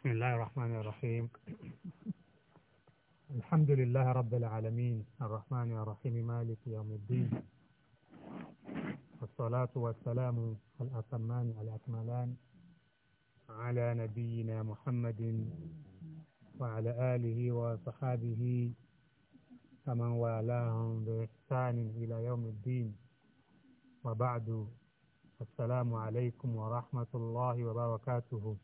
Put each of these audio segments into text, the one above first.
بسم الله الرحمن الرحيم الحمد لله رب العالمين الرحمن الرحيم مالك يوم الدين والصلاة والسلام الأتمان الأكملان على نبينا محمد وعلى آله وصحابه فمن والاهم بإحسان إلى يوم الدين وبعد السلام عليكم ورحمة الله وبركاته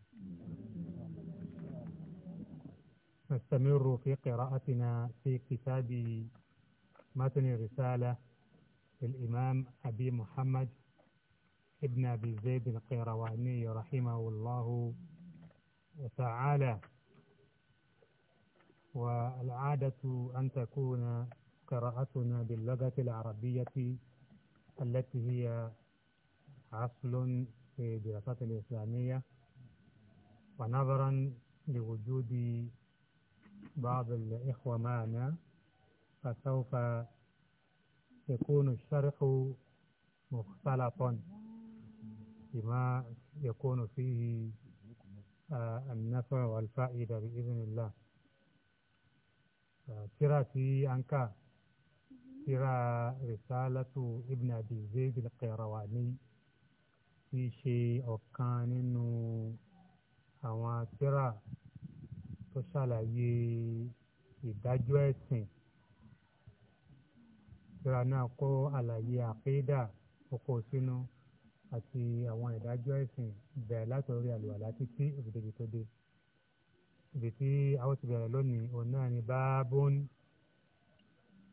نستمر في قراءتنا في كتاب متن الرسالة للإمام أبي محمد ابن أبي زيد القيرواني رحمه الله تعالى والعادة أن تكون قراءتنا باللغة العربية التي هي أصل في الدراسات الإسلامية ونظرا لوجود بعض الإخوة معنا فسوف يكون الشرح مختلطا بما يكون فيه آه، النفع والفائدة بإذن الله ترى أنكا ترى رسالة ابن أبي زيد القيرواني في شيء أو كان إنه àwọn tó ṣàlàyé ìdájọ́ ẹ̀sìn ìtura náà kó àlàyé àkéédà oko sínú àti àwọn ìdájọ́ ẹ̀sìn bẹ̀rẹ̀ látọ̀rí àlùwàlá títí òbídèbí tó dé ibi tí a ó ti bẹ̀rẹ̀ lónìí òun náà ni báábón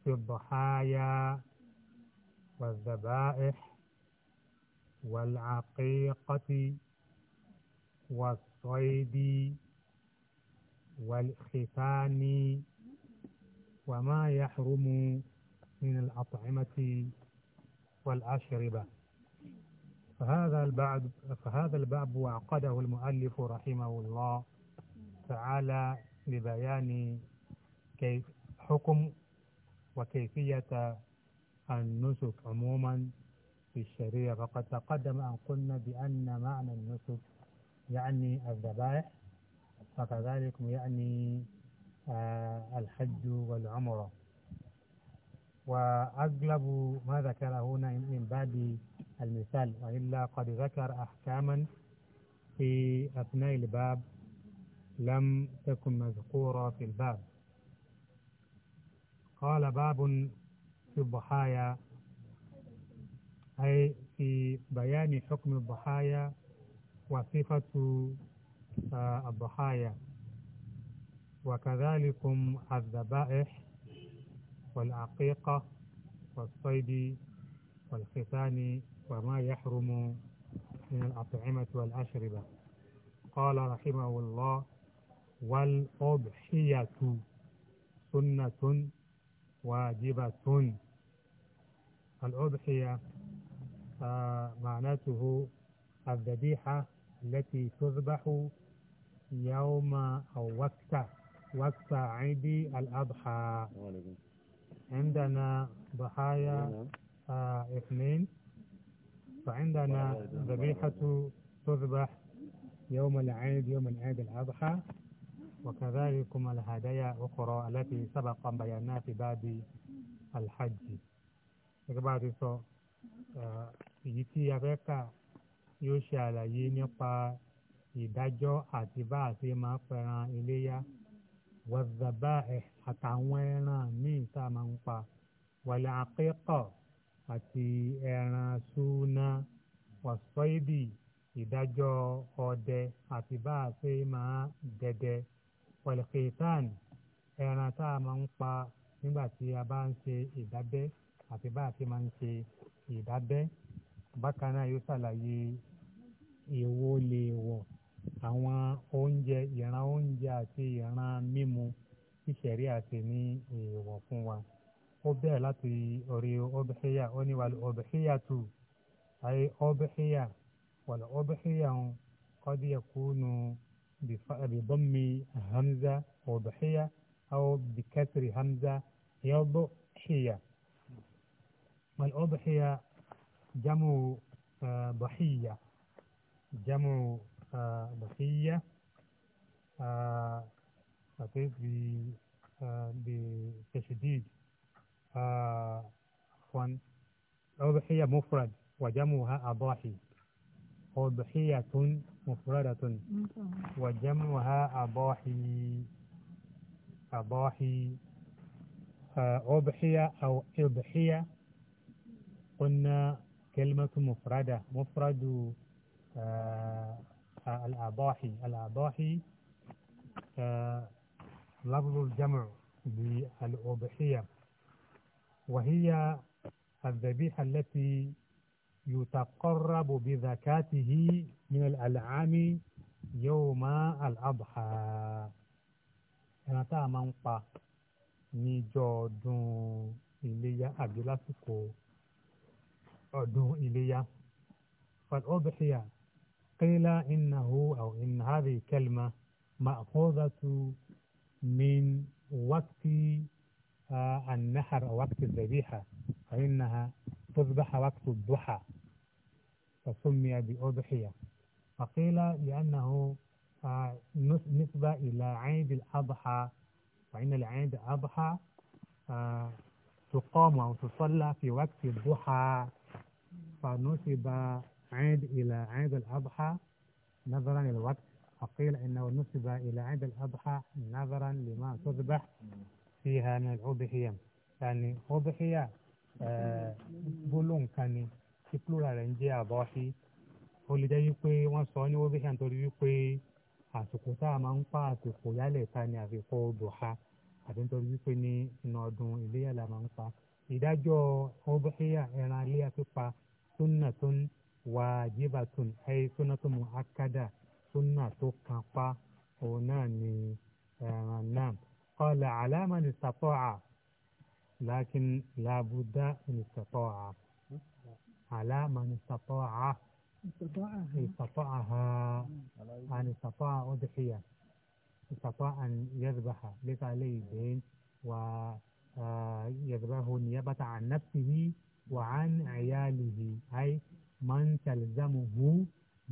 tí bọ̀háyà wàzàbáẹ́ wàlàkéékọ́tì wàsọ́ẹ́dì. والختان وما يحرم من الأطعمة والأشربة فهذا الباب فهذا الباب وعقده المؤلف رحمه الله تعالى لبيان كيف حكم وكيفية النسك عموما في الشريعة فقد تقدم أن قلنا بأن معنى النسك يعني الذبائح فكذلك يعني آه، الحج والعمرة وأغلب ما ذكر هنا من باب المثال وإلا قد ذكر أحكاما في أثناء الباب لم تكن مذكورة في الباب قال باب في الضحايا أي في بيان حكم الضحايا وصفة الضحايا وكذلك الذبائح والعقيقة والصيد والختان وما يحرم من الأطعمة والأشربة قال رحمه الله والأضحية سنة واجبة الأضحية آه، معناته الذبيحة التي تذبح يوم أو وقت وقت عيد الأضحى عندنا ضحايا نعم. آه، اثنين فعندنا ذبيحة تذبح يوم العيد يوم العيد الأضحى وكذلك الهدايا أخرى التي سبق بيانها في باب الحج بعد سو آه، يتي يبقى يوشي على ينقى ìdájọ́ àti bá a ṣe máa pẹran iléyá wàzàbá ẹ àtàwọn ẹran míì tá a máa ń pa wàlẹ àkẹkọ àti ẹran súná wàsọyìbì ìdájọ́ ọdẹ àti bá a ṣe máa dẹdẹ wàlẹ kìtàn ẹran tá a máa ń pa nígbà tí a bá ń ṣe ìdábẹ́ àti bá a ṣe máa ń ṣe ìdábẹ́ bákan náà yóò ṣàlàyé èwo lè wọ̀ àwọn oúnjẹ ìran oúnjẹ àti ìran mímu tí sẹ̀rí àti ní èèwọ̀ fún wa ó bẹ̀rẹ̀ láti orí ọbẹ̀híyà ó ní wàlú ọbẹ̀híyà tù àyè ọbẹ̀híyà wàlú ọbẹ̀híyà ń kọ́dí ẹ̀kúnnù bìbọ́mi hamza ọbẹ̀híyà àwọn bìkẹ́tìrì hamza yọbẹ̀híyà wàlú ọbẹ̀híyà jamu bàhíyà eh, jamu. آه، بقية آه، آه، بتشديد عفوا أضحية مفرد وجمعها أضاحي أضحية مفردة وجمعها أضاحي أضاحي أضحية أو إضحية قلنا كلمة مفردة مفرد الأضاحي الأضاحي آه، لفظ الجمع للأضحية وهي الذبيحة التي يتقرب بذكاته من الألعام يوم الأضحى أنا tá قا máa إليا pa أدون إليا فالأضحية قيل إنه أو إن هذه الكلمة مأخوذة من وقت آه، النحر أو وقت الذبيحة فإنها تذبح وقت الضحى فسمي بأضحية فقيل لأنه آه، نسبة إلى عيد الأضحى فإن العيد الأضحى آه، تقام أو تصلى في وقت الضحى فنسب عيد إلى عيد الأضحى نظرا للوقت فقيل إنه نسب إلى عيد الأضحى نظرا لما تذبح فيها من الأضحية يعني أضحية بلون kan ni tí plural rẹ̀ ń jẹ́ àbọ̀ṣí ó lè jẹ́ wípé wọ́n sọ ní wọ́bíṣà nítorí wípé àsìkò tá a máa ń pa àsìkò yálẹ̀ ta ni àfikọ́ odòha àti nítorí wípé ní iná ọdún iléyà la máa ń pa ìdájọ́ ọbẹ̀ṣẹ́yà ẹran alẹ́ àti pa tó nà tó واجبة أي سنة مؤكدة سنة تكفى هنا نعم قال على من استطاع لكن لا بد من استطاعة على من استطاع استطاعها استطاعها أن استطاع أضحية استطاع أن يذبح ليس عليه دين و يذبحه نيابة عن نفسه وعن عياله أي من تلزمه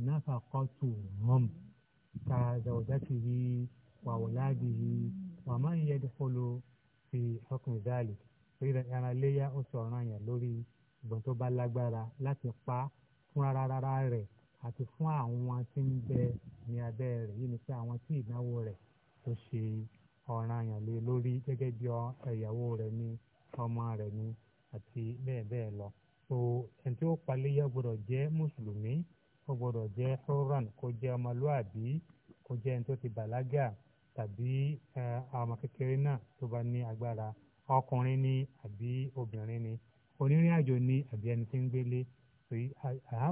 tàlẹ́sàmù كزوجته وأولاده hàn يدخل في حكم ذلك. wùláàdì أنا wà máa ń yẹ بنتو fi لا zálì rírẹ ẹran léyà ó sọ ọ̀ràn yẹn lórí ìgbọ̀n tó bá lágbára láti pa fún rárá rẹ̀ àti fún àwọn tí ń bẹ ní abẹ́ rẹ̀ yìí ni pé àwọn tí ìnáwó rẹ̀ tó ṣe ọ̀ràn yẹn lé lórí gẹ́gẹ́ bí ẹ̀yàwó rẹ̀ ni ọmọ rẹ̀ ni àti bẹ́ẹ̀ bẹ́ẹ̀ lọ. so ẹni tí ó paléyà gbọ́dọ̀ jẹ́ mùsùlùmí ó gbọ́dọ̀ jẹ́ hurran kó jẹ́ ọmọlúàbí kó jẹ́ ẹni tó ti bàlágà tàbí ọmọ kékeré náà tó bá ní agbára ọkùnrin ni àbí obìnrin ni onírìn àjò ni àbí ẹni tí ń gbélé ni pé islam wa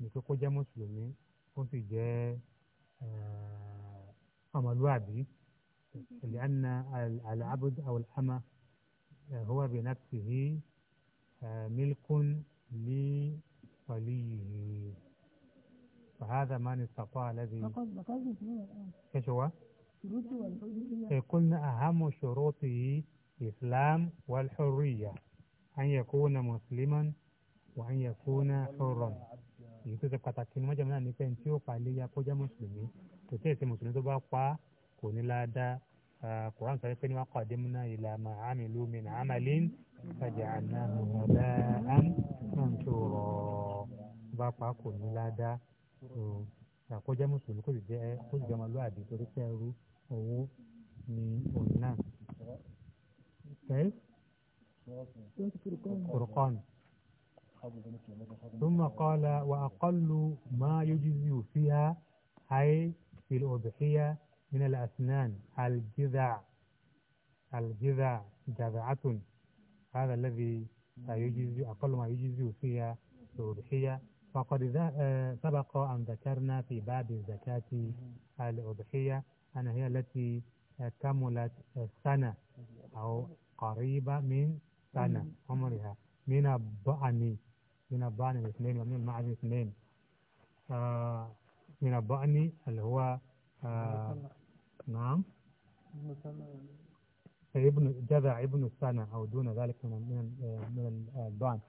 ni jẹ́ mùsùlùmí ó sì jẹ́. آه، الوادي لأن العبد أو الأمة هو بنفسه آه، ملك لوليه فهذا من استطاع الذي ايش هو؟ إيه، قلنا أهم شروطه الإسلام والحرية أن يكون مسلما وأن يكون حرا èyí tó ṣe pàtàkì ni mọ́jàmú náà ní pé tí ó pa iléyà kó jẹ́ mùsùlùmí kò tí ì ṣe mùsùlùmí tó bá pa kò ní láàdá kuran sọ pé ní wọn kọ́ọ̀dé múná ìlà màámi lómi nà ámàlín ìtajà àná ọ̀dà án náà tó rọ̀ bá pa kò ní láàdá kó jẹ́ mùsùlùmí kó sì jẹ́ kó sì jẹ́ ọmọlúwàbí torí pé ẹrú owó ni òun náà. Furqan. ثم قال وأقل ما يجزي فيها أي في الأضحية من الأسنان الجذع الجذع جذعة هذا الذي يجزي أقل ما يجزي فيها الأضحية فقد آه، سبق أن ذكرنا في باب الزكاة الأضحية أن هي التي كملت سنة أو قريبة من سنة عمرها من الضأن ينبعني الاثنين ومن المعز الاثنين آه ينبعني اللي هو آه نعم ابن جذع ابن السنة أو دون ذلك من من آه، آه، البان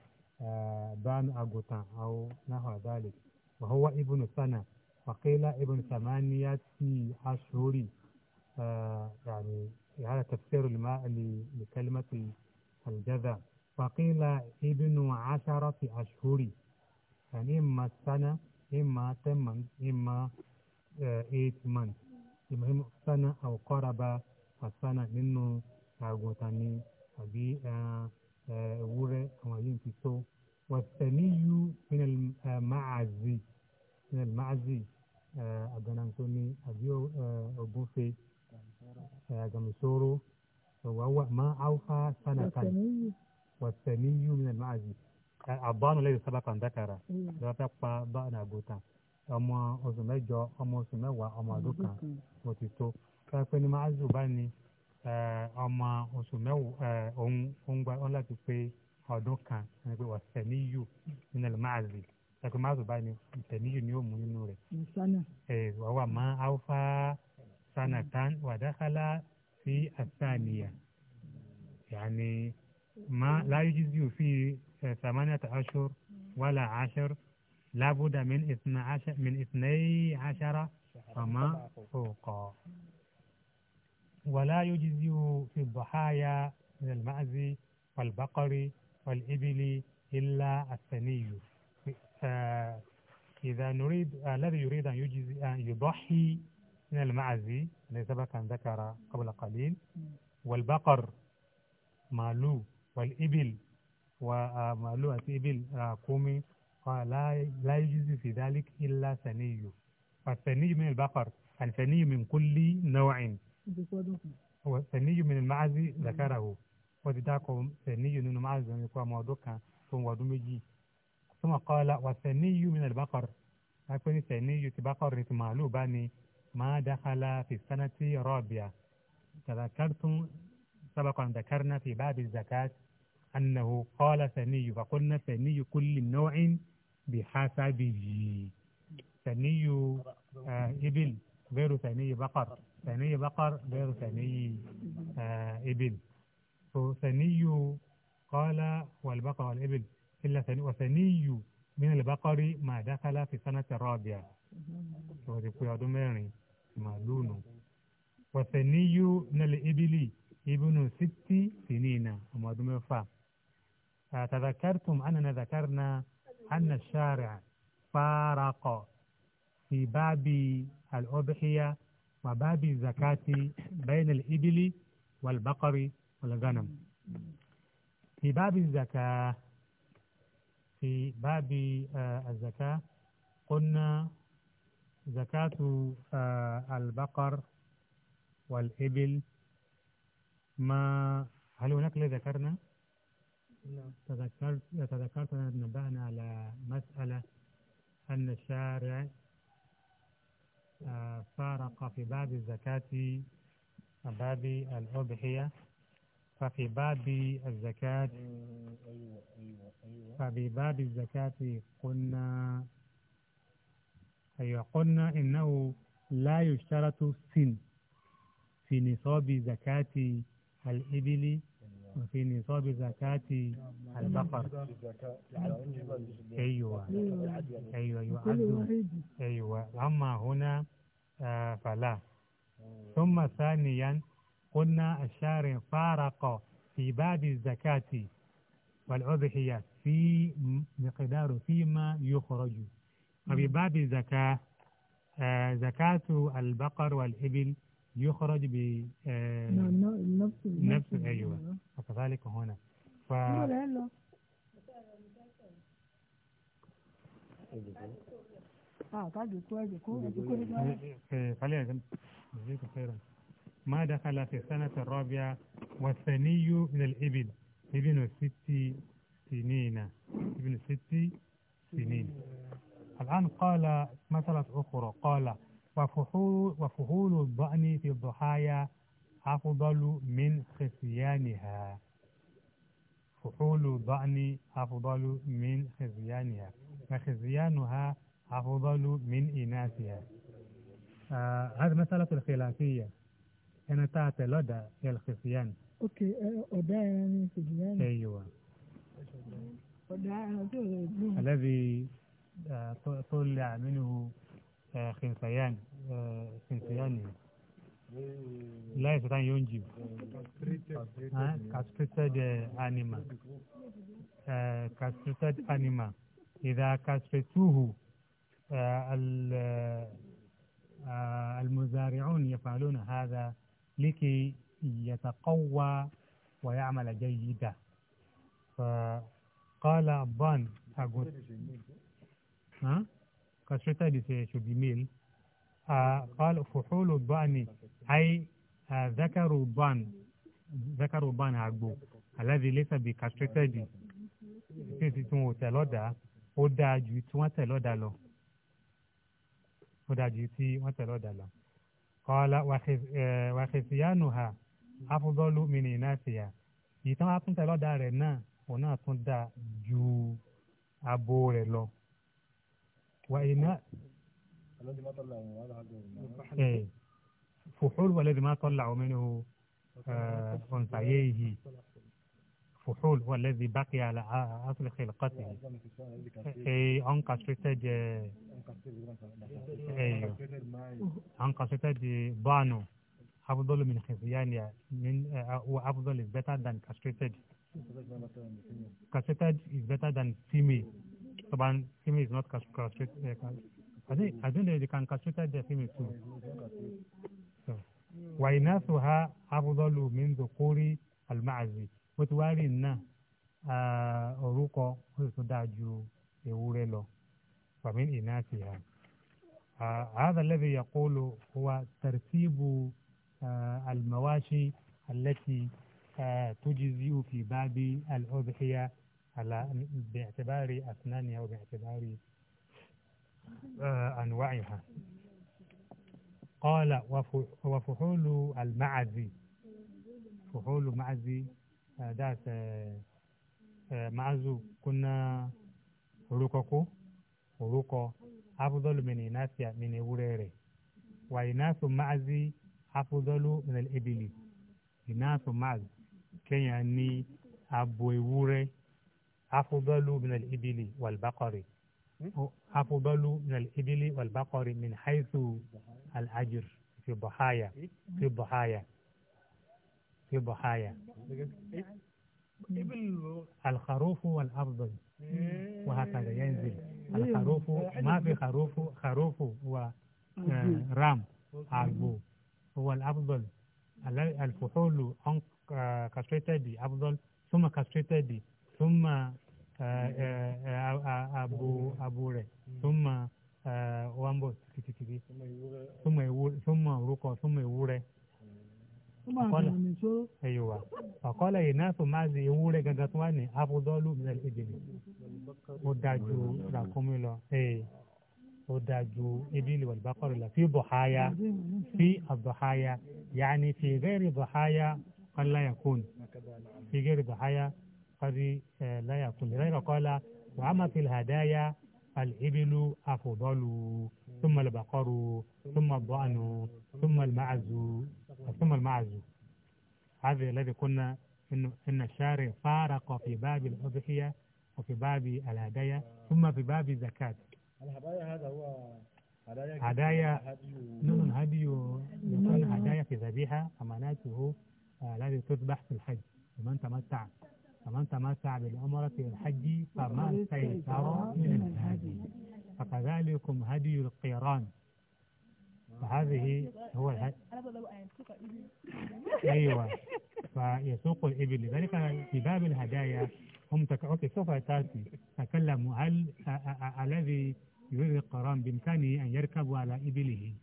آه، بان أجوتان أو نحو ذلك وهو ابن سنة وقيل ابن ثمانية أشهر يعني هذا تفسير لكلمة الجذع فقيل ابن عشرة أشهر يعني إما سنة إما تمن إما إيت من المهم سنة أو قرب السنة منه أغوتاني أبي آه، آه، أورى كما ينفسو والثني من المعزي من المعزي آه، أغنانتوني أبي أغوفي أغمسورو وهو ما أوفى سنة الثني wasani yumina maazi abanu lẹbi sábà kan dakara lọba mm. fẹ pa báwọn àgùntàn ọmọ oṣù mẹ́jọ ọmọ oṣù wa ọmọ ọdún kan mo ti tó pẹpẹ ni maazi bá ní ọmọ oṣù mẹ́wàá ọhún ọhún gba ọhún láti pé ọdún kan ẹni pé wasani yu nínú maazi pẹpẹ maazi bá ní wasani yu ni yóò mú nínú rẹ. ẹ wà wà má awfa sanatan mm. wàdákàlà sí asaniya yàní. Yani, ما لا يجزي في آه، ثمانية أشهر ولا عشر لابد من اثنى عشر من اثني عشر فما فوق ولا يجزي في الضحايا من المعز والبقر والإبل إلا الثني آه، إذا نريد الذي يريد أن يجزي أن يضحي من المعز الذي سبق أن ذكر قبل قليل والبقر مالو والإبل ومعلومة إبل آه، كومي فلا لا يجوز في ذلك إلا ثني فالثني من البقر الثني يعني من كل نوع والثني من المعز ذكره وذاك ثني من المعز يعني يكون موضوكا ثم ودمجي ثم قال والثني من البقر أكون ثني بقر باني ما دخل في السنة الرابعة تذكرتم سبقا ذكرنا في باب الزكاة أنه قال ثني فقلنا ثني كل نوع بحسبه ثني آه، إبل غير ثني بقر ثني بقر غير ثني آه، إبل ثني قال والبقر والإبل إلا ثني وثني من البقر ما دخل في سنة الرابعة وثني من الإبل ابن ست سنين أما دمر تذكرتم أننا ذكرنا أن الشارع فارق في باب الأضحية وباب الزكاة بين الإبل والبقر والغنم في باب الزكاة في باب آه، الزكاة قلنا زكاة آه، البقر والإبل ما هل هناك اللي ذكرنا؟ تذكرت تذكرت أن نبهنا على مسألة أن الشارع آه، فارق في باب الزكاة باب الأضحية ففي باب الزكاة أيوة، أيوة، أيوة. ففي باب الزكاة قلنا أيوة قلنا إنه لا يشترط سن في نصاب زكاة الإبل في نصاب زكاة البقر أيوة أيوة يعد أيوة أما هنا آه، فلا ثم ثانيا قلنا الشارع فارق في باب الزكاة والأضحية في مقدار فيما يخرج وفي باب الزكاة آه، زكاة البقر والإبل يخرج ب آه، نعم، نفس نفس ايوه وكذلك هنا ف خيرا ما دخل في السنة الرابعة والثني من الإبل ابن ست سنين ابن ست سنين الآن قال مسألة أخرى قال وفحول, وفحول الضأن في الضحايا أفضل من خصيانها فحول الضأن أفضل من خزيانها وخزيانها أفضل من إناثها آه هذه مسألة الخلافية أنا تعطي لدى الخزيان أوكي أداء آه، يعني خزيان أيوة يعني الذي آه، طلع منه خنسيان آه، خنسيانه لا يستطيع ينجب castrated animal castrated آه، انيما إذا كسرتوه آه، المزارعون يفعلون هذا لكي يتقوى ويعمل جيدا فقال الظن أقول ها castrated is, should be male. Uh, قال فحول الضأن أي uh, ذكر الضأن ذكر الضأن àgbò الذي ليس بcastrated tí tí wọn ò tẹ̀ lọ́dà ó dáa ju tí wọ́n tẹ̀ lọ́dà lọ ó dáa ju tí wọ́n tẹ̀ lọ́dà lọ. قال وخصيانها uh, أفضل من إناثها ìtàn àtúntẹ̀ lọ́dà rẹ̀ náà òun náà tún dáa ju abo rẹ̀ lọ. وإناء الذي ما طلع إيه فحول والذي ما طلع منه آه أنثييه فحول والذي بقي على أصل خلقته أي أنكسرتج أي أنكسرتج بانو أفضل من خزيان من وأفضل is better than castrated. Castrated is better than female stubborn female is not castrated. I think I don't know if they can castrate their female too. So, وإناثها أفضل من ذكور المعزي وتواري النا أروقه وتدعجو يوريلو فمن إناثها هذا الذي يقول هو ترتيب المواشي التي تجزئ في باب الأضحية على باعتبار أسنانها وباعتبار آه، أنواعها قال وفحول المعزي فحول المعزي آه، ذات آه، معزو كنا ركوكو ركو أفضل من إناث من وريري وإناث معزي أفضل من الإبل إناث معزي كياني يعني أبو وريري أفضل من الإبل والبقر أفضل من الإبل والبقر من حيث الأجر في الضحايا إيه؟ في الضحايا في الضحايا الخروف والأفضل إيه. وهكذا ينزل أيوه. الخروف آه، ما في خروف خروف ورام آه، عربو هو الأفضل الفحول كاستريتدي آه، أفضل ثم كاستريتدي ثم abo abo rẹ̀ tó ma wà ń bọ̀ tìkìtìkìtì tó ma orúkọ tó ma ewúrẹ́ ayiwa ọkọlẹ yìí náà tó máa ṣe ewúrẹ́ gangan tó wà ní afudọlù mílẹ ìdìbò ó dájú ràkúnmí lọ ó dájú ebílì wàlúbákọrò lọ fi bọháyà fi àbọháyà yàní fi gẹrì bọháyà ọláyà kóni fi gẹrì bọháyà. قد آه، لا يقول لذلك قال وأما في الهدايا الإبل أفضل ثم البقر ثم الضأن ثم المعز ثم المعز هذا الذي قلنا إن, إن الشارع فارق في باب الأضحية وفي باب الهدايا ثم في باب الزكاة الهدايا هذا هو هدايا نون هدي, هدي يكون هدايا في ذبيحة أماناته آه، الذي تذبح في الحج ومن تمتع فمن تمتع بالعمرة والحج الحج فما استيسر من الهدي فكذلكم هدي القيران فهذه هو الهدي أيوة فيسوق الإبل لذلك في باب الهدايا هم تك... سوف تأتي تكلموا هل الذي يريد القران بإمكانه أن يركب على إبله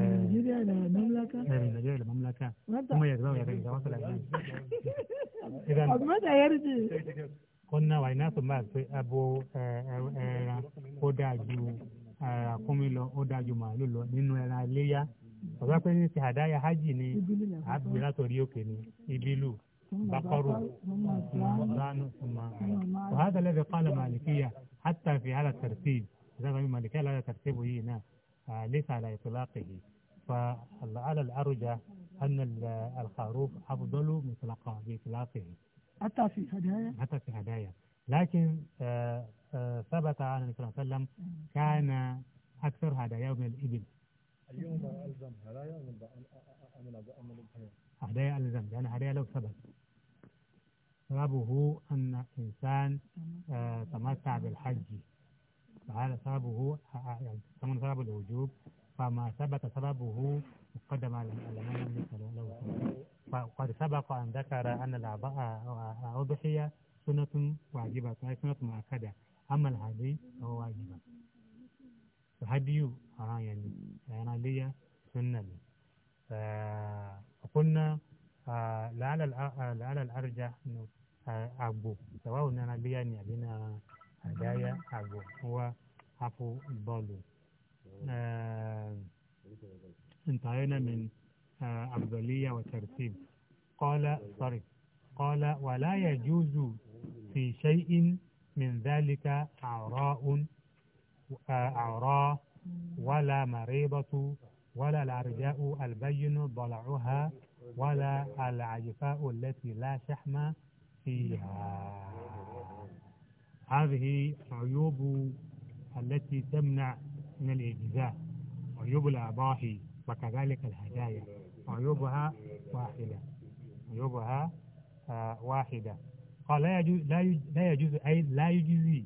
Nigeria da mamlaka? Nigeria da mamlaka. Kuma ya zama ya rage zama salami. Amma da yarje. Kọ́nà wà iná sọ̀rọ̀ pé abo eh, eh, eh, ẹran ó dáa ju àkúnmí lọ ó dáa ju màálù lọ nínú ẹran iléyà. Ọ̀gá pé ní ti àdáyà hajj ni àbí látòrí òkè ni ìbílù bàkọ́rù ọ̀gánù ọ̀mà. Wàhálà lẹ́fẹ̀ẹ́ kọ́lá màlìkíyà hátà fi hàlà tẹ̀rẹ̀tì. Ìjọba mi màlìkíyà lára tẹ̀rẹ̀tì bòyí náà. ليس على إطلاقه فعلى الأرجح أن الخروف أفضل مطلقا بإطلاقه حتى في هدايا حتى في هدايا لكن آه، آه، ثبت عن النبي صلى الله عليه وسلم كان أكثر هدايا من الإبل اليوم ألزم هدايا من هدايا ألزم لأن هدايا لو ثبت سببه أن إنسان آه، تمتع بالحج فهذا سببه يسمون يعني سبب الوجوب فما ثبت سببه مقدم على لم يملك له فقد سبق أن ذكر أن الأضحية سنة واجبة أي سنة مؤكدة أما الهدي فهو واجبة الهدي أنا آه، يعني أنا لي سنة فقلنا آه، لعل الأرجح أنه آه، أبو سواء أنا لي يعني أبينا هدايا أبو هو hapo البالو انتهينا من أفضلية وترتيب قال صرف قال ولا يجوز في شيء من ذلك عراء عراء ولا مريضة ولا العرجاء البين ضلعها ولا العجفاء التي لا شحم فيها هذه عيوب التي تمنع من الإجزاء عيوب الأباحي وكذلك الهدايا عيوبها واحدة عيوبها آه واحدة قال لا يجوز لا يجوز أي لا يجزي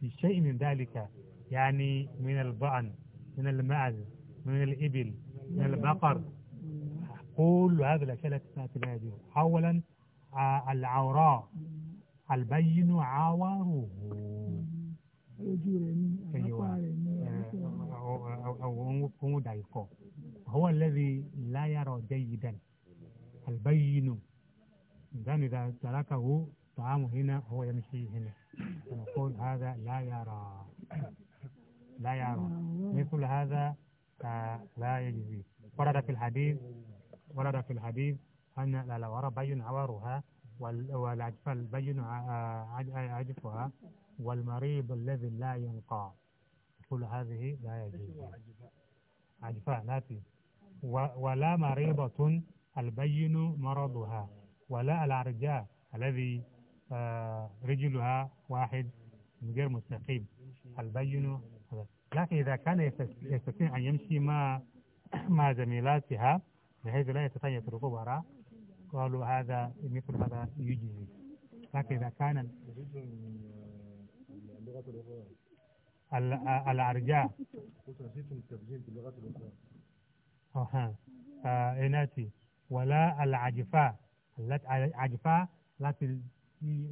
في شيء من ذلك يعني من البعن من المعز من الإبل من البقر كل هذه الأشياء التي لا يجوز أولا آه، العوراء البين عوره هو الذي لا يرى جيدا البين إذن إذا تركه طعام هنا هو يمشي هنا نقول هذا لا يرى لا يرى مثل هذا آه، لا يجزي ورد في الحديث ورد في الحديث أن لا لا رأى بين عوارها والعجفة البين عجفها والمريض الذي لا ينقى كل هذه لا يجوز عجفاء تجوز ولا مريضة البين مرضها ولا العرجاء الذي رجلها واحد من غير مستقيم البين لكن إذا كان يستطيع أن يمشي مع مع زميلاتها بحيث لا يستطيع ركوب وراء قالوا هذا مثل هذا يجزي لكن إذا كان آه، الأرجاء قلت الأخرى أها إناتي آه، إيه ولا العجفاء العجفاء لكن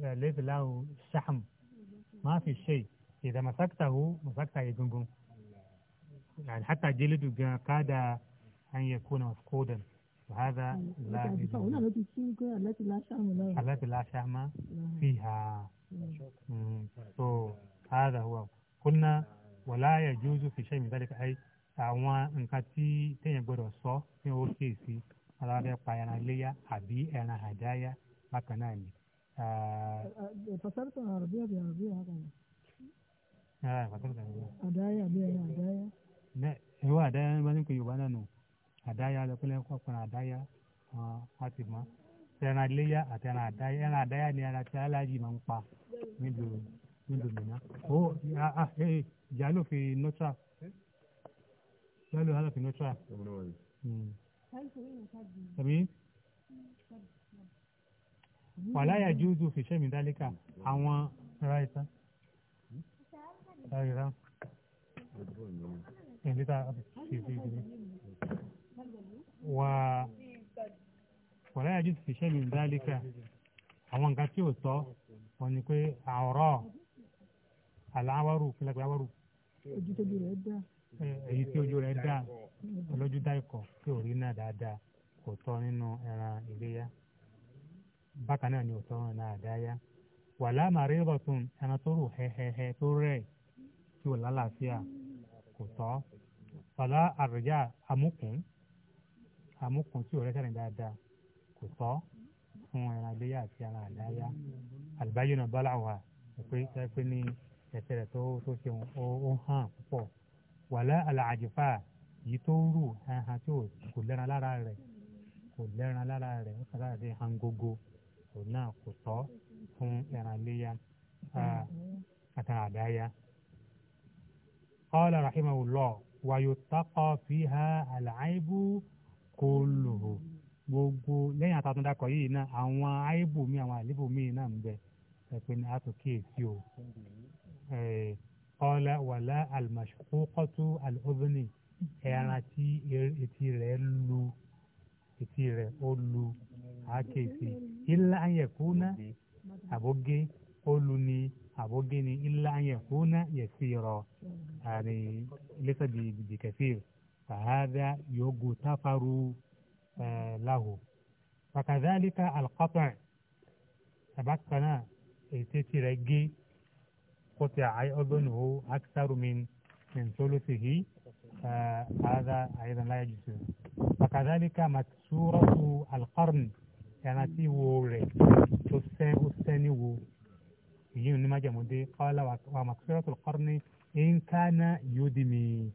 ليس له شحم ما في شيء إذا مسكته مسكته يجنبه يعني حتى جلده كاد أن يكون مفقودا وهذا لا التي لا شام التي لا شام فيها so هذا هو قلنا ولا يجوز في شيء من ذلك أي àwọn nǹkan tí téèyàn gbọdọ̀ sọ ní owó kéèsì alábẹ́ pa ẹran iléyà àbí ẹran àdáyà bákan náà ni. fasarta arabiya bi arabiya haka ne. fasarta arabiya. àdáyà bi ẹran àdáyà. ẹ ẹ wọ àdáyà ní wọn ní kò yorùbá náà nù àdáyà lọ́kùnrin kọ́ pẹ̀lú àdáyà wọ́n ti mọ́ ẹran iléyà àti ẹran àdáyà ẹran àdáyà ni ara tí aláàjì máa ń pa nílùú nílùú mìíràn ó ìjà ló fi nọ́tà lọ́lọ́ ló fi nọ́tà tàbí hmm. wàláyà júùsù fi ṣẹ́mi dálíkà àwọn ẹ̀rọ ìtàn ẹ̀rọ ìtàn ẹ̀ lítà ṣèṣe ìdílé wà wàlá yàjú ti ṣiṣẹ́ mi dálíkà àwọn nǹkan tí ò tọ́ wọn ni pé àwòrán àláwárù fúnlẹ̀pẹ̀ àwárù. ojú tójú rẹ̀ dá. èyí tí ojú rẹ̀ dá olójú dá ikọ̀ tí ò rí náà dáadáa kò tọ́ nínú ẹran ìléyà bákan náà ni ò tọ́ ẹran àdáyà wàlá màrírọ̀ tún ẹran tó rò hẹ́hẹ́hẹ́ tó rẹ̀ tí ò lálàáfíà kò tọ́ wàlá àrùjá amúkùn àmúkùn tí òrẹ́ sẹ́rìn dáadáa kò tọ́ fún ẹran iléyà àti ẹran àdáyà àlùbáyé náà bá làwà pé pé ní ẹsẹ̀ rẹ̀ tó tó ṣe ó hàn púpọ̀ wàlẹ́ àlàjìfà yìí tó ń rù ẹ̀hàn tí kò lẹ́ran lára rẹ̀ kò lẹ́ran lára rẹ̀ ó kàn lára rẹ̀ gógó òun náà kò tọ́ fún ẹran iléyà àtàrà àdáyà. قال رحمه الله ويتقى فيها العيب kó lò ó gbogbo lẹ́yìn àtàtúndakọ̀ yìí náà àwọn àìbò mi àwọn àlébò mi náà ń bẹ ẹ̀pẹ́ ni a tó kíyèsí o ọ̀la wàlá àlùmọ̀ṣọ́kó kọ́tù àlùọ́bìnì ẹran tí etí rẹ̀ lu etí rẹ̀ ó lu àkèsí ilá ayẹ̀kúná àbógé ó lu ni àbógé ni ilá ayẹ̀kúná yẹ̀ sí rọ àrè lẹ́sẹ̀ bìí bìí rẹ̀. فهذا يغتفر آه، له فكذلك القطع سبقنا تترجي قطع أي أذنه أكثر من من ثلثه آه، هذا أيضا لا يجوز فكذلك مكسورة القرن كانت ووري تستني ووري يجي من قال ومكسورة القرن إن كان يدمي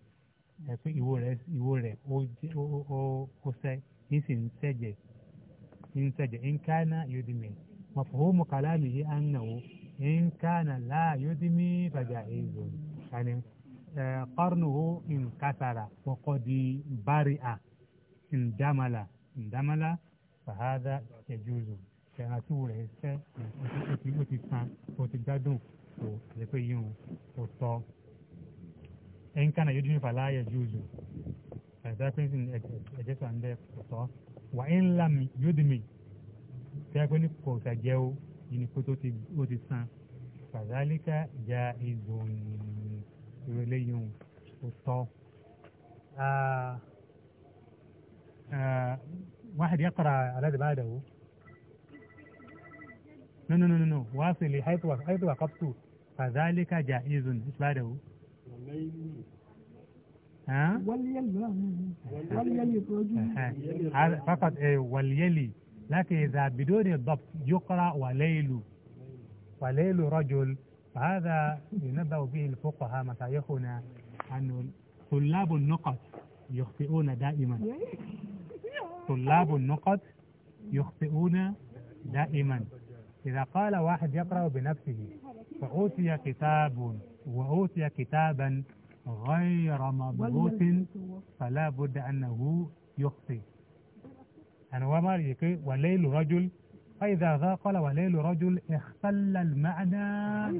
ẹ pé ìwo rẹ̀ ìwo rẹ̀ ó jẹ́ ó ó ó sẹ́ ń sì ń sẹ́jẹ̀ ń sẹ́jẹ̀ ń káná yódìmí mọ̀fọ́hómù kàlámì yìí á ń nàwó ń káná láà yódìmí bàjá èèzò kàní kọ́rùnùhó ń kásàrà kọ́kọ́ di bárìà ń dámàlà ń dámàlà fàhádà ẹ̀júzù ẹ̀rọ àti ìwo sẹ́ ó ti ó san ó gbádùn kò àti pé yíyún ó tọ́ in kana yudu fala ya juzu ẹ̀dẹ́pẹ́sìn ẹ̀jẹ̀sọ̀ ń bẹ pọ̀tọ́ wà ń lam yudmi tẹ́gbẹ́ ní kò sàjẹ́ o yìí kó tó ti san fàzálíkà ja ìzòyìn ìrọ̀lẹ́ yìí ó tọ́. واحد يقرأ على هذا بعده no no no no واصل حيث حيث وقفت فذلك جائز ايش بعده؟ ها واليلي فقط ايه واليلي لكن إذا بدون الضبط يقرأ وليل وليل رجل فهذا ينبه به الفقهاء مشايخنا أن طلاب النقط يخطئون دائما طلاب النقط يخطئون دائما إذا قال واحد يقرأ بنفسه فأوتي كتاب وأوتي كتابا غير مضبوط فلا بد أنه يخطئ أنا وما وليل رجل فإذا ذا قال وليل رجل اختل المعنى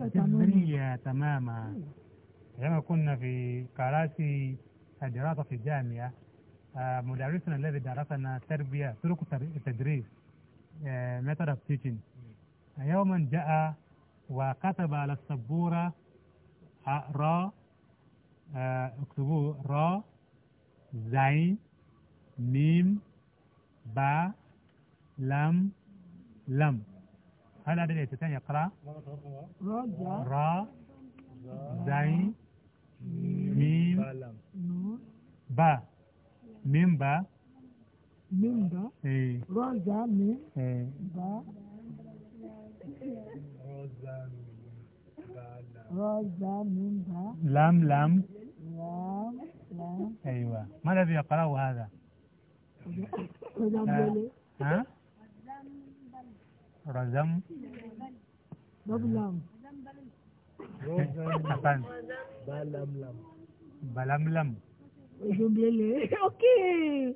جذرية أيوة، تماما عندما كنا في كراسي الدراسة في الجامعة آه، مدرسنا الذي درسنا تربية سلوك التدريس ميثود اوف تيتشنج يوما جاء وكتب على السبورة آه، را اكتبوه را زين ميم با لم لم هل هذا العدد الثاني اقرا را زين ميم با ميم با ميم با را زين ميم با لام لام لام ايوه ما الذي يقراه هذا؟ آه. ها؟ رزم بلم بلم بلم بلم اوكي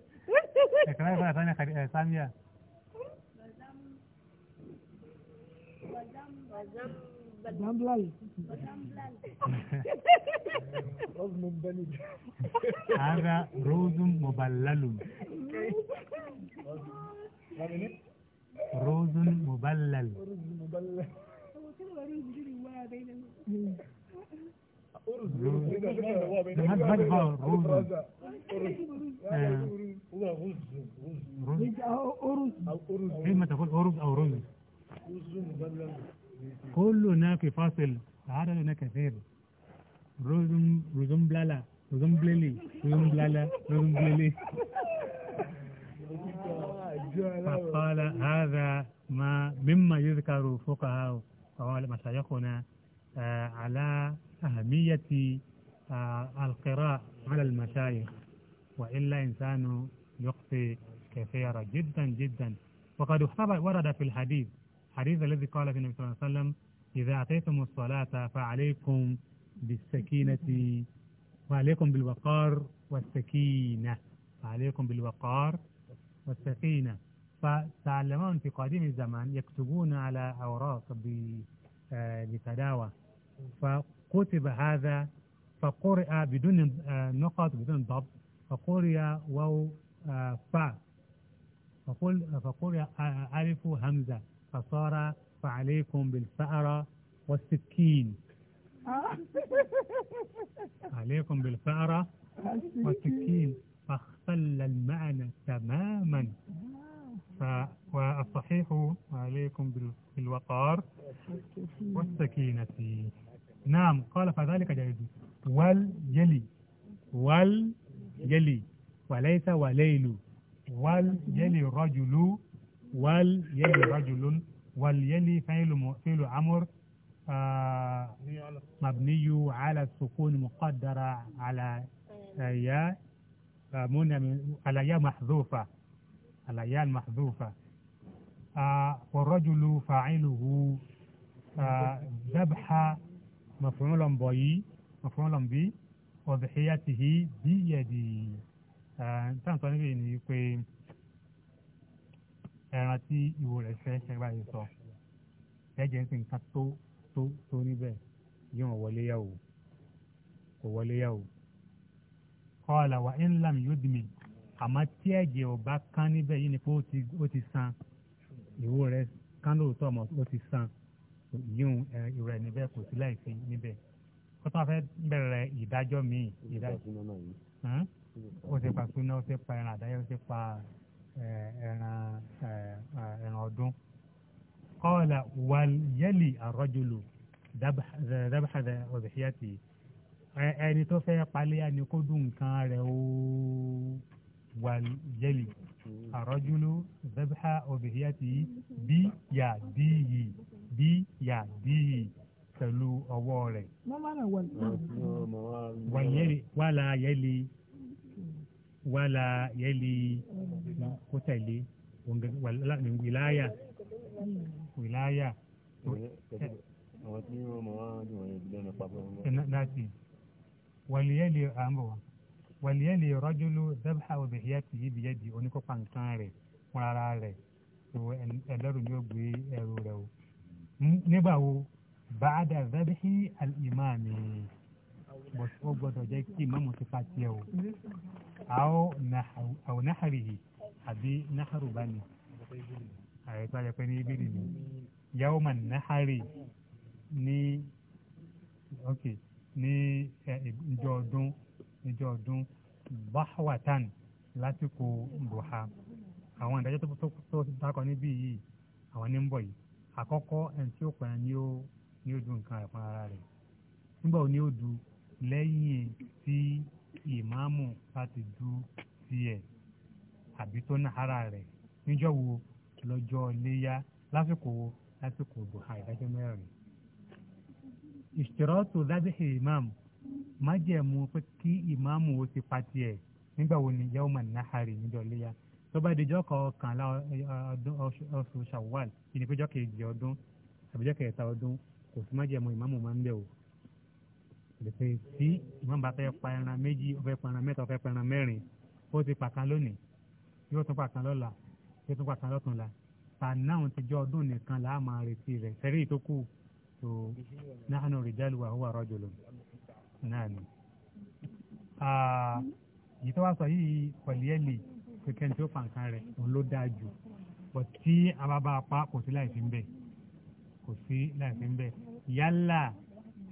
اقرأي مرة آه، ثانية سامية وزم وزم بلال رز بني هذا روز مبلل روز مبلل روز رز روز كلمة روز أرز روز رز روز مبلل كلنا في فاصل تعالوا هنا كثير رزم روزم بلالا روزم بليلي روزم بلالا روزم بليلي فقال هذا ما مما يذكر فقهاء مشايخنا آه، على أهمية آه، القراء على المشايخ وإلا إنسان يخطي كثيرا جدا جدا وقد ورد في الحديث الحديث الذي قال في النبي صلى الله عليه وسلم إذا أتيتم الصلاة فعليكم بالسكينة وعليكم بالوقار والسكينة عليكم بالوقار والسكينة فتعلمون في قديم الزمان يكتبون على أوراق آه، بتداوى فكتب هذا فقرئ بدون آه، نقط بدون ضبط فقرئ واو آه، فا فقل فقرئ ألف همزة فصار فعليكم بالفأرة والسكين عليكم بالفأرة والسكين فاختل المعنى تماما ف... والصحيح عليكم بالوقار والسكينة نعم قال فذلك جائز والجلي والجلي وليس وليل والجلي الرجل وال يلي رجل وال يلي فعل فعل عمر مبني على السكون مقدرة على يا من على يا محذوفة على يا المحذوفة والرجل فاعله ذبح آه مفعولا به مفعولا به وضحيته بيدي. آه انت ẹran tí ìwo rẹ̀ fẹ́ ṣe bá yìí sọ ẹ̀jẹ̀ ń sìn ká tó tó tó níbẹ̀ yóò wọlé yà wò kò wọlé yà wò. kọ́ọ̀là wa ńlam yóò dì mí àmọ́ tí ẹ̀jẹ̀ ò bá kán níbẹ̀ yìí ni pé ó ti san ìwo rẹ̀ kán lóòótọ́ ọmọ ó ti san yíyún ìrẹ̀ níbẹ̀ kò sí láìsí níbẹ̀ kó tó fẹ́ bẹ̀rẹ̀ ìdájọ́ míì ìdájọ́ ó ti pa súná ó ti pa ẹran àdáyé ó ti pa ẹran ẹran ọdún. kọ́ọ̀là wàyẹ́lì àrọ́jòlò dábàdà ọ̀dẹ̀híyàtì ẹni tó fẹ́ palẹ́yà ni kó dùn nǹkan rẹ̀ ó wàyẹ́lì àrọ́jòlò dábàdà ọ̀dẹ̀híyàtì bí yà díyì bí yà díyì pẹ̀lú ọwọ́ rẹ̀. wàyẹ́lì wàlà yẹ́lì wala yẹli kó tẹ̀lé wìláyà wìláyà. àwọn tí wọn mọ wọn jù wọn yẹn lẹ́nu papọ̀. láti wàlíyẹli àmọ́ wàlíyẹli rọ́júlù dábàá òbẹ̀yà tì í bìyà di oníkópa nǹkan al-imami bọ̀ ó gbọ́dọ̀ jẹ́ kí ìmáàmù ti pa tiẹ̀ o àwọn náhàrì yìí àbí náhàrù bá ní ààrẹ tó ajẹpẹ ní ibìrì ni yàwó mà náhàrì ní ok ní ìjọ ọdún ìjọ ọdún báwàtán lásìkò buha àwọn ìdájọ́ tó dákọ̀ níbí yìí àwọn ní ń bọ̀ yìí àkọ́kọ́ ẹni tí ó pẹ̀lú ni ó dùn nǹkan ẹ̀fọn ara rẹ̀ nígbà wo ni ó dùn lẹ́yìn tí ìmáàmù bá ti du tiẹ̀ àbí tó ná ara rẹ̀ níjọ́ wo lọ́jọ́ léyà lásìkò wo lásìkò buhá ìdájọ́ mẹ́rin. ìṣòrọ́tò dábìhì ìmáàmù májẹ̀mú pé kí ìmáàmù ó ti pa tiẹ̀ nígbà wo ni yẹ́wò màá náhàrì níjọ́ léyà tó bá dijọ́ kọkànlá oṣù ṣàwọ́l ìdíkọ́jọ́ kejì ọdún àbíjọ́ kẹta ọdún kò sí májẹ̀mú ìmáàmù máa ń bẹ̀ o pèsè tí ìwọ́n bá fẹ́ pa ẹran méjì ó fẹ́ pa ẹran mẹ́ta ó fẹ́ pa ẹran mẹ́rin ó ti pàkan lónìí yóò tún pàkan lọ́la yóò tún pàkan lọ́túnla tànáà ti jọ ọdún nìkan là á máa retí rẹ̀ sẹ́rí ìtókù tó nahnu rijalu wa huwa rajulun náà ni. yìí tó wá sọ yìí pẹ̀lẹ́ẹ̀lì kékeré tí ó pàǹkan rẹ̀ òun ló dáa jù bọ̀ tí a bá pa kò sí láì fi ń bẹ̀ kò sí láì fi ń bẹ̀ yálà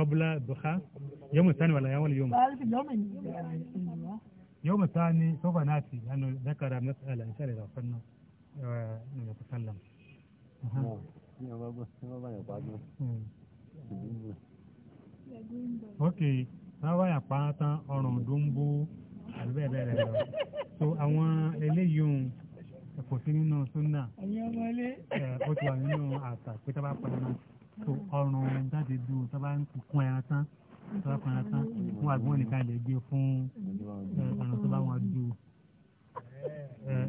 قبل الضحى يوم الثاني ولا يوم اليوم؟ يوم الثاني سوف ناتي لأنه ذكر مسألة إن شاء الله إذا وصلنا نتكلم. Okay, táwa yà pa tán ọrùn dúnbú àti bẹ́ẹ̀ bẹ́ẹ̀ lọ. So àwọn eléyìí kò sí nínú súnà. Ẹ̀yin ọmọ ilé. Ó ti wà nínú àṣà pé tá bá pa to ọrùn jáde dùn tó bá ń kún ẹran tán tó bá kún ẹran tán fún àgbọn nìkan lè gbé fún ẹran tó bá wọn dùn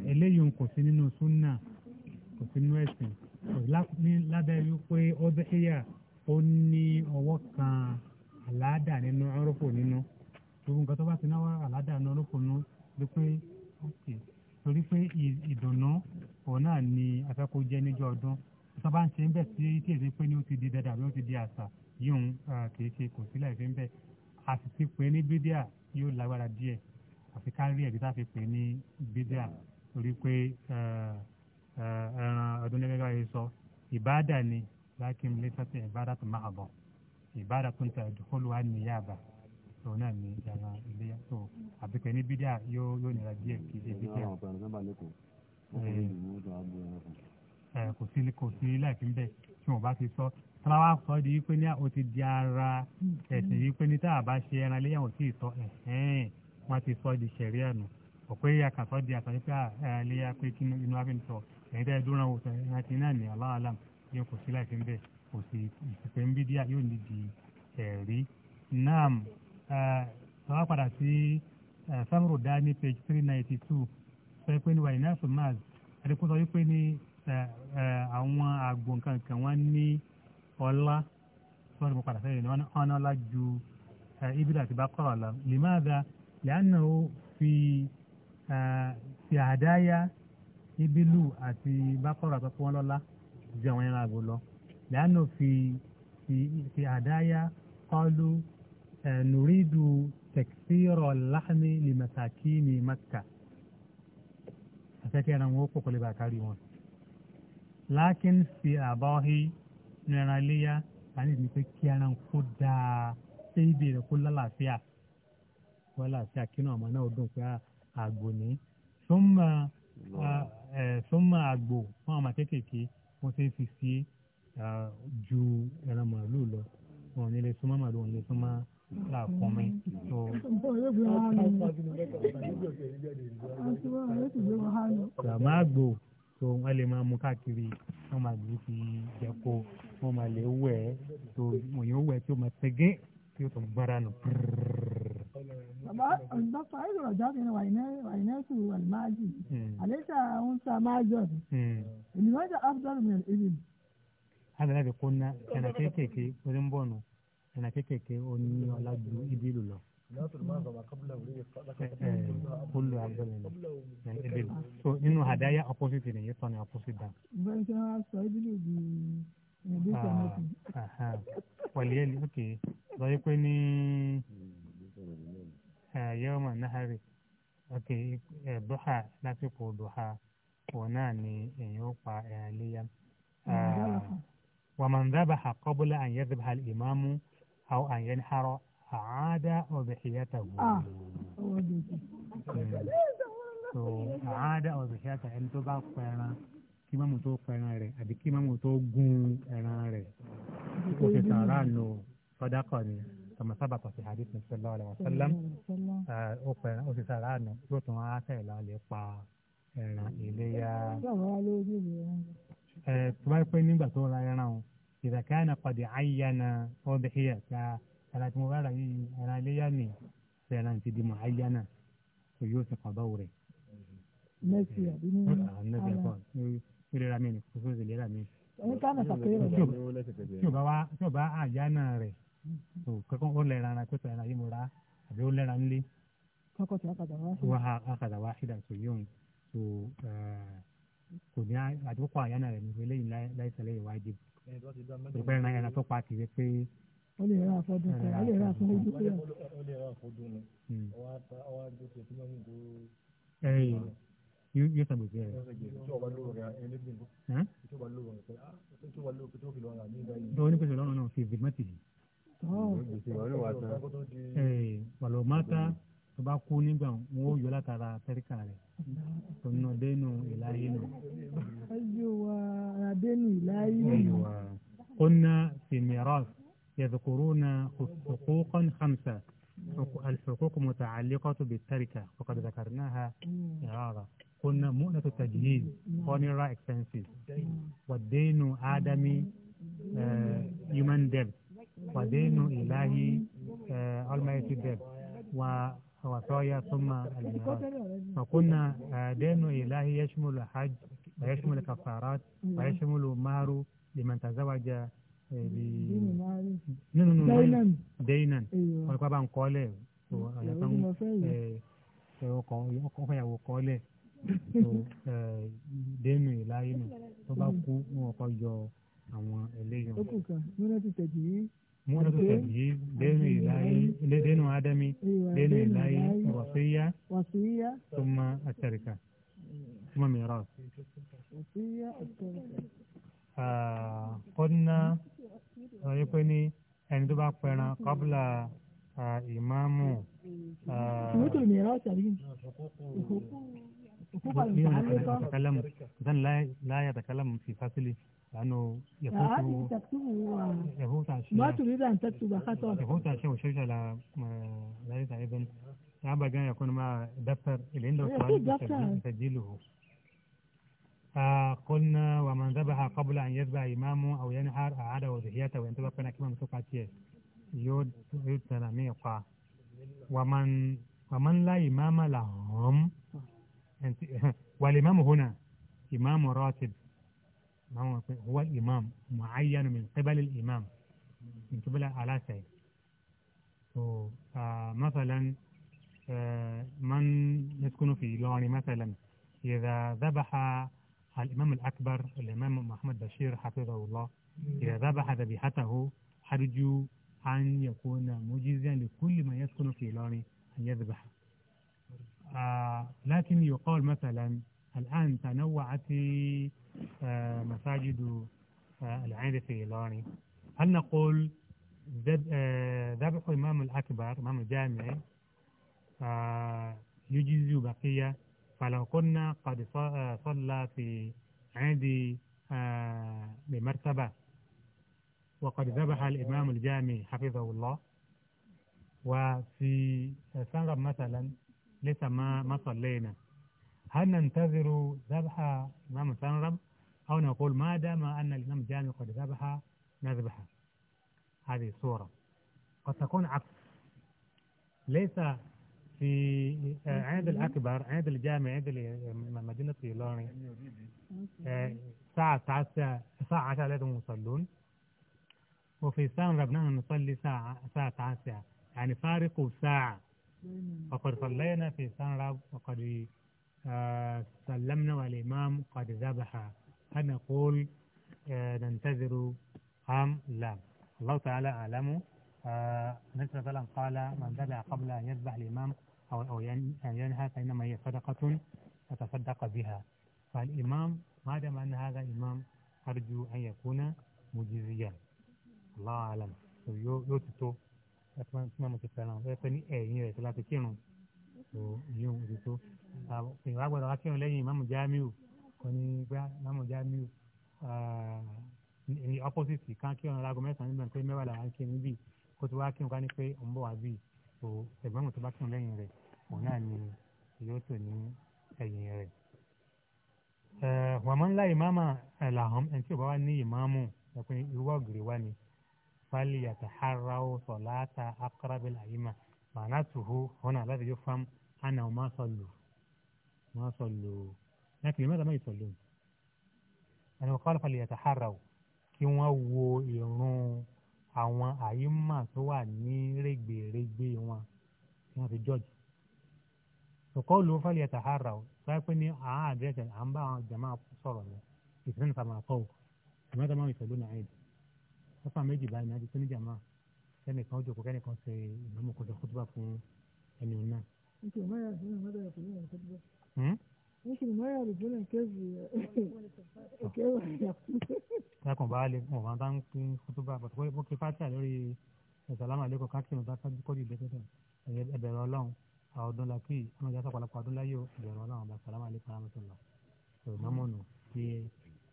eléyìí kò sí nínú súnà kò sí nínú ẹ̀sìn lábẹ́ wípé ọdẹ́hìyà ó ní ọwọ́ kan àláàdà nínú ọrọ́pò nínú gbogbo nǹkan tó bá ti náwó àláàdà nínú ọrọ́pò nínú wípé ókè torí pé ìdùnnú òun náà ni afẹ́kọ̀ọ́ jẹ́ níjọ́ ọdún sábà ń ṣe ń bẹ̀ tí tí èdè pé ni ó ti di dandan àbí ó ti di àṣà yóò kì í ṣe kò sílẹ̀ fi ń bẹ̀ àṣìṣe pé ní bídíà yóò lágbára díẹ̀ àfi ká rí ẹ̀dí a fi pè ní bídíà torí pé ẹran ọdún lẹ́gbẹ̀ẹ́ báyìí sọ ìbáàdà ni lákìm lẹ́sọ̀tẹ̀ ìbáàdà tó máa bọ̀ ìbáàdà tó ń ta ìdókòlù wa nìyá àbá tòun náà ni ẹran iléyà tó àfi pé ní bídíà yóò yóò nira díẹ̀ kì í ṣe bídíà kò sí kò sí láìpẹ́ ń bẹ̀ tí wọ́n bá ti sọ tọ́lá wa sọ di wípé ní o ti di ara ẹ̀sìn wípé ní tá a bá ṣe ẹran léyàwó tí ì sọ ẹ̀hẹ́n wọ́n ti sọ di ṣẹ̀rí ẹ̀nu ọ̀pẹ́ àkàtọ́ di àtọ́ wípé àléyà ah, pé kí inú wa fi ń sọ ẹ̀yìn tẹ́ dúró wò sọ ẹ̀hìn tí náà ní aláàlám yóò kò sí láìpẹ́ ń kò sí ìpè ń bí yóò ní di ẹ̀rí náà tọ́wọ́ padà sí sámúrò dá page three ninety two sọ pé ní wàyí náà sọ máa ní àwọn àgbo nǹkan kan wọ́n ní ọlá tí wọ́n ti mú padà sẹ́yìn wọ́n ní ọ̀nà ọlá ju ibi àti bákọ́rọ̀ lọ lèmáàdà lẹ́yìn náà fi fi àdáyà ibilu àti bákọ́rọ̀ àtọ́kọ́ wọn lọ́lá ju àwọn ẹran àgbo lọ lẹ́yìn náà fi fi àdáyà kọ́lu nùrídù tẹ̀kísírọ̀ láhàmì lìmọ̀tàkì ní mẹ́kà àfẹ́kẹ́ ẹran wọn ó kókò lè bá a kárí wọn lákín fi àbáwáhí nira léyà àní ní pé kí ara ń kó dáa ṣé ibi rẹ̀ kó lálàáfíà kó lálàáfíà kí náà ọmọ náà dùn pé ah, àgbò ní. súnmọ́ ah, súnmọ́ àgbò fún àwọn kéékèèké fi ah, ju ẹran màálù lọ wọn ní lè súnmọ́ màálù wọn ní lè súnmọ́ tó. gbàmágbò so wọ́n lè máa mú káàkiri wọ́n máa lè fi jẹ́kó wọ́n máa lè wẹ̀ ẹ́ so wọ́n yóò wẹ̀ tí o máa tẹ́gẹ́ tí o tó gbára nù. Dọ́kítà Ayọ̀dọ̀ ọ̀jọ́ kìíní wàyínẹ́sù àlùmáàjì. Àlẹ́sà ń sa máàjọ̀. Ìlúwájà Abdul Mil Ibn. Hàbẹ̀ láti kó ná ẹ̀nà kéékèèké orí ń bọ̀ nù ẹ̀nà kéékèèké oní ọ̀làjú ìdílù lọ kulu abdomen ebil so nínú hadaya opposite ah, ni yóò tọ́ni opposite down. bẹ́ẹ̀ ṣe wá sọ ìdílé òbí ẹ̀bí sọ̀rọ̀ pẹ̀lú ẹ̀lì ok lọ yẹ pé ní yẹ́wọ̀mọ̀ náhàrì ok duha lásìkò duha òun náà ni èèyàn eh, ó pa ẹ̀ràn léyà. wàmọ̀ ndábàá qabla an yadhbaha al-imamu aw an yanhara àádá ọbẹ̀ ìyáta wò. so àádá ọbẹ̀ ìyáta ẹni tó bá pẹran kí mọ́mù tó pẹran rẹ̀ àbí kí mọ́mù tó gún ẹran rẹ̀ kó ṣe sàárà nù sọ́dákọ̀ ni kama sabata fi hadith nabi sallallahu alaihi wasallam ó pẹran ó ṣe sàárà nù yóò tún wá sẹ́yìn lọ́wọ́ lè pa ẹran iléyà. ẹ tó bá pẹ́ nígbà tó ra ẹran o ìdàkẹ́ àná padì ayé na ọbẹ̀ ìyáta ẹran tí mo bá rà yìí ẹran iléyà ni ẹran ti di mọ ayá náà kò yóò ti kàn báwo rẹ. mẹ́sì àbí ní ara ìrora mi ni kò tó lè rà mí. ẹni ká nà sàkóyè rẹ. tí o bá wá tí o bá àyà náà rẹ o kankan ó lẹ́ran ara pẹ̀tẹ̀ ẹran yìí mo rà àbí ó lẹ́ran lé. kọ́kọ́ tí a kàdà wá sí. wàá àkàdà wá yóò tó kò ní àdókò àyà náà rẹ nípa eléyìí láìsàlẹ̀ ìwádìí. ìpẹ́ẹ́rẹ́ náà yàrá ó lè ra àfọdún kan ó lè ra fún ojú pé. ó lè ra àfọdún ni ọwọ́ ata ọwọ́ adó tó tó lọ́yìn tó. ẹ ẹ yóò sọ gbèsè rẹ. ìjọba wà lóru rẹ ẹni bí nǹkan. ìjọba lóru rẹ pé ah ìjọba lóru pété ó fi lọ́ọ́ rà ní ìdáyé. lọ́wọ́ ní pèsè lọ́rùn náà fi vèmẹ́tì. wàlọ́ máta tó bá kú nígbà wọn ó yọ látara tẹ́ríkà rẹ̀ tó ń nà dénú ìláyé nù. ayé wa dénú ìláyé nù. ó ná sèmírọ́ọ̀sì. يذكرون حقوقا خمسة الحقوق متعلقة بالتركة وقد ذكرناها إرادة قلنا مؤنة التجهيز فونيرا expenses والدين آدمي آه، human ديب ودين إلهي آه، almighty ديب ووصايا ثم الميراث فقلنا آه، دين إلهي يشمل الحج ويشمل الكفارات ويشمل مهر لمن تزوج nínú nínú deinan ọ̀rẹ́pá bá ń kọ́lẹ̀ ọkọ̀ ìyàwó kọ́lẹ̀ dénú ìláyé nù tó bá kú wọn kọ́ yọ àwọn ẹlẹ́yìn. ó kù kan múná ti tẹ̀jú yìí. múná ti tẹ̀jú yìí dénú ìláyé dénú ádámì dénú ìláyé wàsíyá tuma àtẹ̀ríkà tuma mìíràn. wàsíyá àtẹ̀ríkà. kọ́nà sọ yìí pé ní ẹni tó bá pẹran kọ́bùlà ìmáàmù. ìwétò ìmìíràn ṣàbí. يتكلم إذن لا لا يتكلم في فصله لأنه يفوت يفوت ما تريد أن تكتب خطأ يفوت عشان وشوش على لا يتعبن يبقى يكون مع دفتر اللي عنده يسجله فقلنا ومن ذبح قبل أن يذبح إمامه أو ينحر أعاد وذهيته وينطبق بين كلمة مسوقة يود يود تنميقا ومن ومن لا إمام لهم والإمام هنا إمام راتب هو الإمام معين من قبل الإمام من قبل على آه، مثلا آه، من يسكن في لون مثلا إذا ذبح الإمام الأكبر الإمام محمد بشير حفظه الله إذا ذبح ذبيحته حرجوا أن يكون مجزا لكل من يسكن في لاري أن يذبح آه لكن يقال مثلا الآن تنوعت آه مساجد آه العين في لاري هل نقول آه، ذبح الإمام الأكبر إمام الجامع آه، يجزي بقية فلو كنا قد آه، صلى في عندي آه، بمرتبة وقد ذبح الإمام الجامي حفظه الله وفي سنغب مثلا لسه ما ما صلينا هل ننتظر ذبح إمام سنغب أو نقول ما دام أن الإمام الجامي قد ذبح نذبح هذه صورة قد تكون عكس ليس في آه، آه، عيد الأكبر عيد الجامع عيد آه، مدينة إيلوري ساعة عشاء ساعة عشاء لازم يصلون وفي سان ربنا نصلي ساعة ساعة عشاء يعني فارقوا ساعة وقد صلينا في سان رب وقد سلمنا والإمام قد ذبح هل نقول ننتظر أم لا الله تعالى أعلم نسأل قال من ذبح قبل أن يذبح الإمام أو أو ينهى فإنما هي صدقة تتصدق بها فالإمام ما دام أن هذا إمام أرجو أن يكون مجزيا الله أعلم yóò ti tó ẹtùmọ̀ أتمنى wọ́n ti fẹ́ràn ẹ pé ní ẹ̀yìn rẹ̀ tó láti kírun tó yóò ti إمام جاميو gbọ́dọ̀ wá kírun lẹ́yìn ìmáàmù Jamiu kò ní gbá ìmáàmù Jamiu ní opposite kan kírun láago mẹ́sàn-án nígbà pé mẹ́wàá làwọn kírun bíi kó on wá kírun ká ní pé òun bọ̀ wá bíi tó ẹ̀gbọ́n mi tó òun náà ni yóò tò ní ẹ̀yìn rẹ̀. wàmọ́ ńlá ìmáàmà làhùn ẹni tí ò bá wà ní ìmáàmù ẹ̀pin irú ọ̀gìrì wá ni fali yàtọ̀ haraw sọ̀láta akarabil àyímà màánà tùhú hona aláàbí yóò fam ana ọmọ sọlù ọmọ sọlù náà kì í mẹ́ta mẹ́ta sọlù ẹni wọ́n kọ́ fali yàtọ̀ haraw kí wọ́n wo ìrun àwọn àyímà tó wà ní rẹ́gbẹ̀rẹ́gbẹ̀ wọn kí wọ́n fi jọ́jì sọkọ́ ló fẹ́ lè tàhárà o báyìí pé ní àwọn àdírẹ́sẹ̀ à ń bá àwọn jama sọ̀rọ̀ ní ìsìn sàmà fọ́ọ̀ àmọ́ tó máa ń ìṣòlú náà ẹ̀dì wọ́n fà méjì báyìí náà ti tún ní jama kẹ́nìkan ó jòkó kẹ́nìkan ṣe ìnáwó kọjá kótóbá fún ẹni náà. lákùn bá lè fún ọ̀bá tá ń pín kótóbá bàtà kó kí fásitì lórí ẹ̀sán alámàlẹ́kọ̀ọ́ káàkiri ọ̀bá kájú kọ́ ọdún la pé ọmọdé asọ́pàlọpọ̀ ọdún láyé o ìbẹ̀rù ọlọ́run ọba sàlámà alẹ́ kàrà mọ́tò lọ tó mọ́mọ́nù kí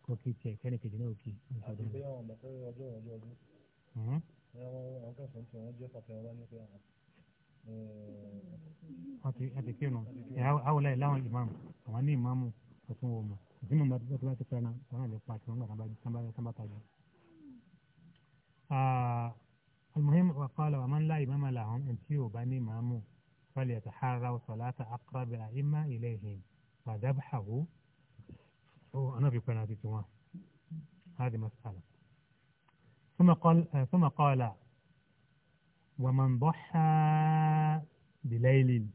kó kí tiẹ̀ kẹ́ni kejì náà kì í ṣàdún. àti bí àwọn ọmọ tó ọjọ́ ọjọ́ ọdún. àwọn kẹsàn-án tí wọ́n jẹ́ pàtàkì wọn ní pé àti eh, kírun àwọn láyé láwọn ìmáàmù àwọn ní ìmáàmù ọ̀tún wò mọ̀ òtún mọ̀ bá tó bá ti pẹ́ran àwọn àlè pa àti wọn gbà tán bá tajú. المهم وقال ومن لا إمام لهم أنت يوباني مامو فليتحروا صلاة أقرب الأئمة إليهم وذبحه هو أنا في قناتكما هذه مسألة ثم قال ثم قال ومن ضحى بليل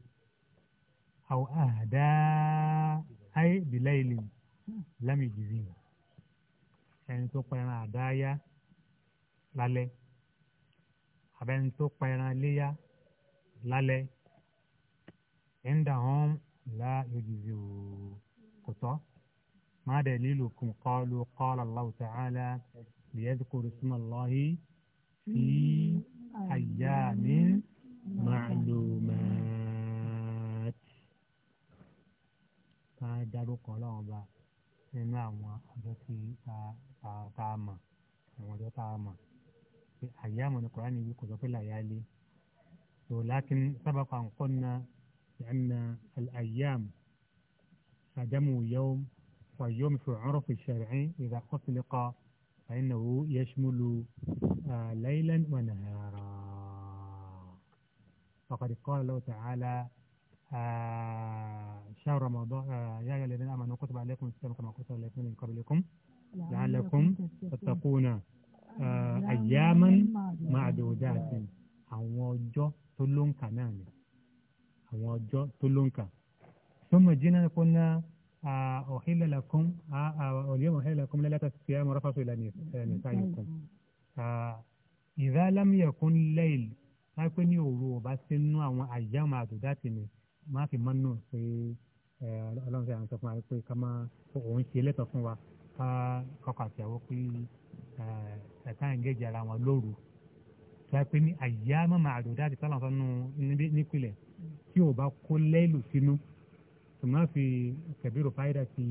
أو أهدى أي بليل لم يجزيه ẹni tó pẹran àdáyá lálẹ́ àbẹ́ni tó pẹran عندهم لا يجزئون قطع ما دليلكم قالوا قال الله تعالى ليذكر اسم الله في أيام معلومات كادرك لعبة nínú àwọn ọjọ́ tí tá a mọ̀ àwọn ọjọ́ tá a mọ̀ àyàmọ̀ ní kùránì yìí kò sọ pé làyálé tó lákìn sábà kan kọ́nà لأن الأيام عدم يوم واليوم في العرف الشرعي إذا أطلق فإنه يشمل آه، ليلا ونهارا فقد قال الله تعالى آه، شهر رمضان آه، يا أيها الذين آمنوا كتب عليكم الصيام كما كتب عليكم من قبلكم لعلكم تتقون أياما معدودات أو وجه tó àwọn ọjọ́ tó ló ń kà. sọmọ jìnnà kó ná ọ̀hílẹ̀ làkún ọ̀lẹ́mọ̀ ọ̀hílẹ̀ làkún lẹ́lẹ́ta ti ẹ̀ mọ̀rọ̀ fásitì lẹ́nu ẹ̀ka yìí ìdá lámìyẹ̀kún lẹ́yìn láìpẹ́ ní òru ọba sínú àwọn àyàmọ̀ àdùdá tì ní má fi mọ́nù pé ọlọ́run ṣe à ń sọ fún wa pé ká má òun ṣe lẹ́tọ̀ fún wa ká kọkọ̀ àtìyàwó pé ẹ̀ka ẹ̀ńgẹ́jì ara wọn lóru láìpẹ́ ní àyàmọ̀ àdùdá tì tọ́lọ̀ sọ́nù nípìnlẹ̀ tí o bá kó lẹ́lù sínú tùmọ̀ fi kẹ̀bírù fáyidà ti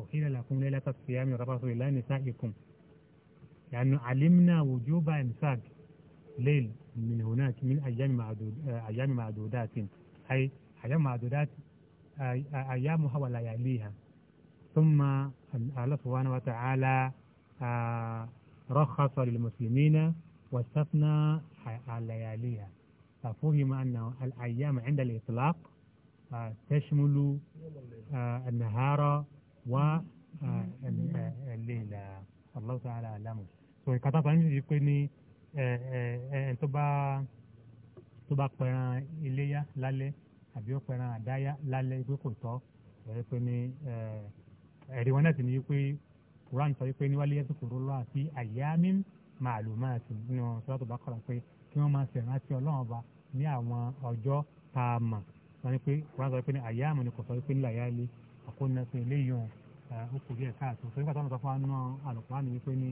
òhìnà làkún lẹ́lá tó ti yàmi rọ́bà sórí lánàá sá ikùn yànnú alimna wujuba imsak lẹ́l min hunak min ayami ma'adudatin ay ayami ma'adudat ayamu hawa layaliha ثم الله سبحانه وتعالى رخص للمسلمين واستثنى لياليها ففهم أن الأيام عند الإطلاق تشمل النهار والليل الله تعالى أعلم so ìkàtà fún mi pé ní tó bá tó bá pẹran iléyà lálẹ́ àbí ó pẹran àdáyà lálẹ́ pé kò tọ́ ẹ pé ní ẹ̀rí wọn náà ti ní pé Quran sọ pé ní wálé yẹn tó kúrò lọ́wọ́ àti àyàmí màlúmáàtì nínú sọ́dọ̀ tó bá kọ̀ pé kí wọ́n máa ṣèrántí ọlọ́run ọba ní àwọn ọjọ́ tá a mọ̀ wọ́n ní pé wọ́n sọ pé àyà àmọ́ ni kò sọ pé ní àyà lé àkóńdá pé eléyìí hàn ó kù díẹ̀ káàtó sọ nígbà táwọn sọ fún wa náà àlùkùrán ni wípé ní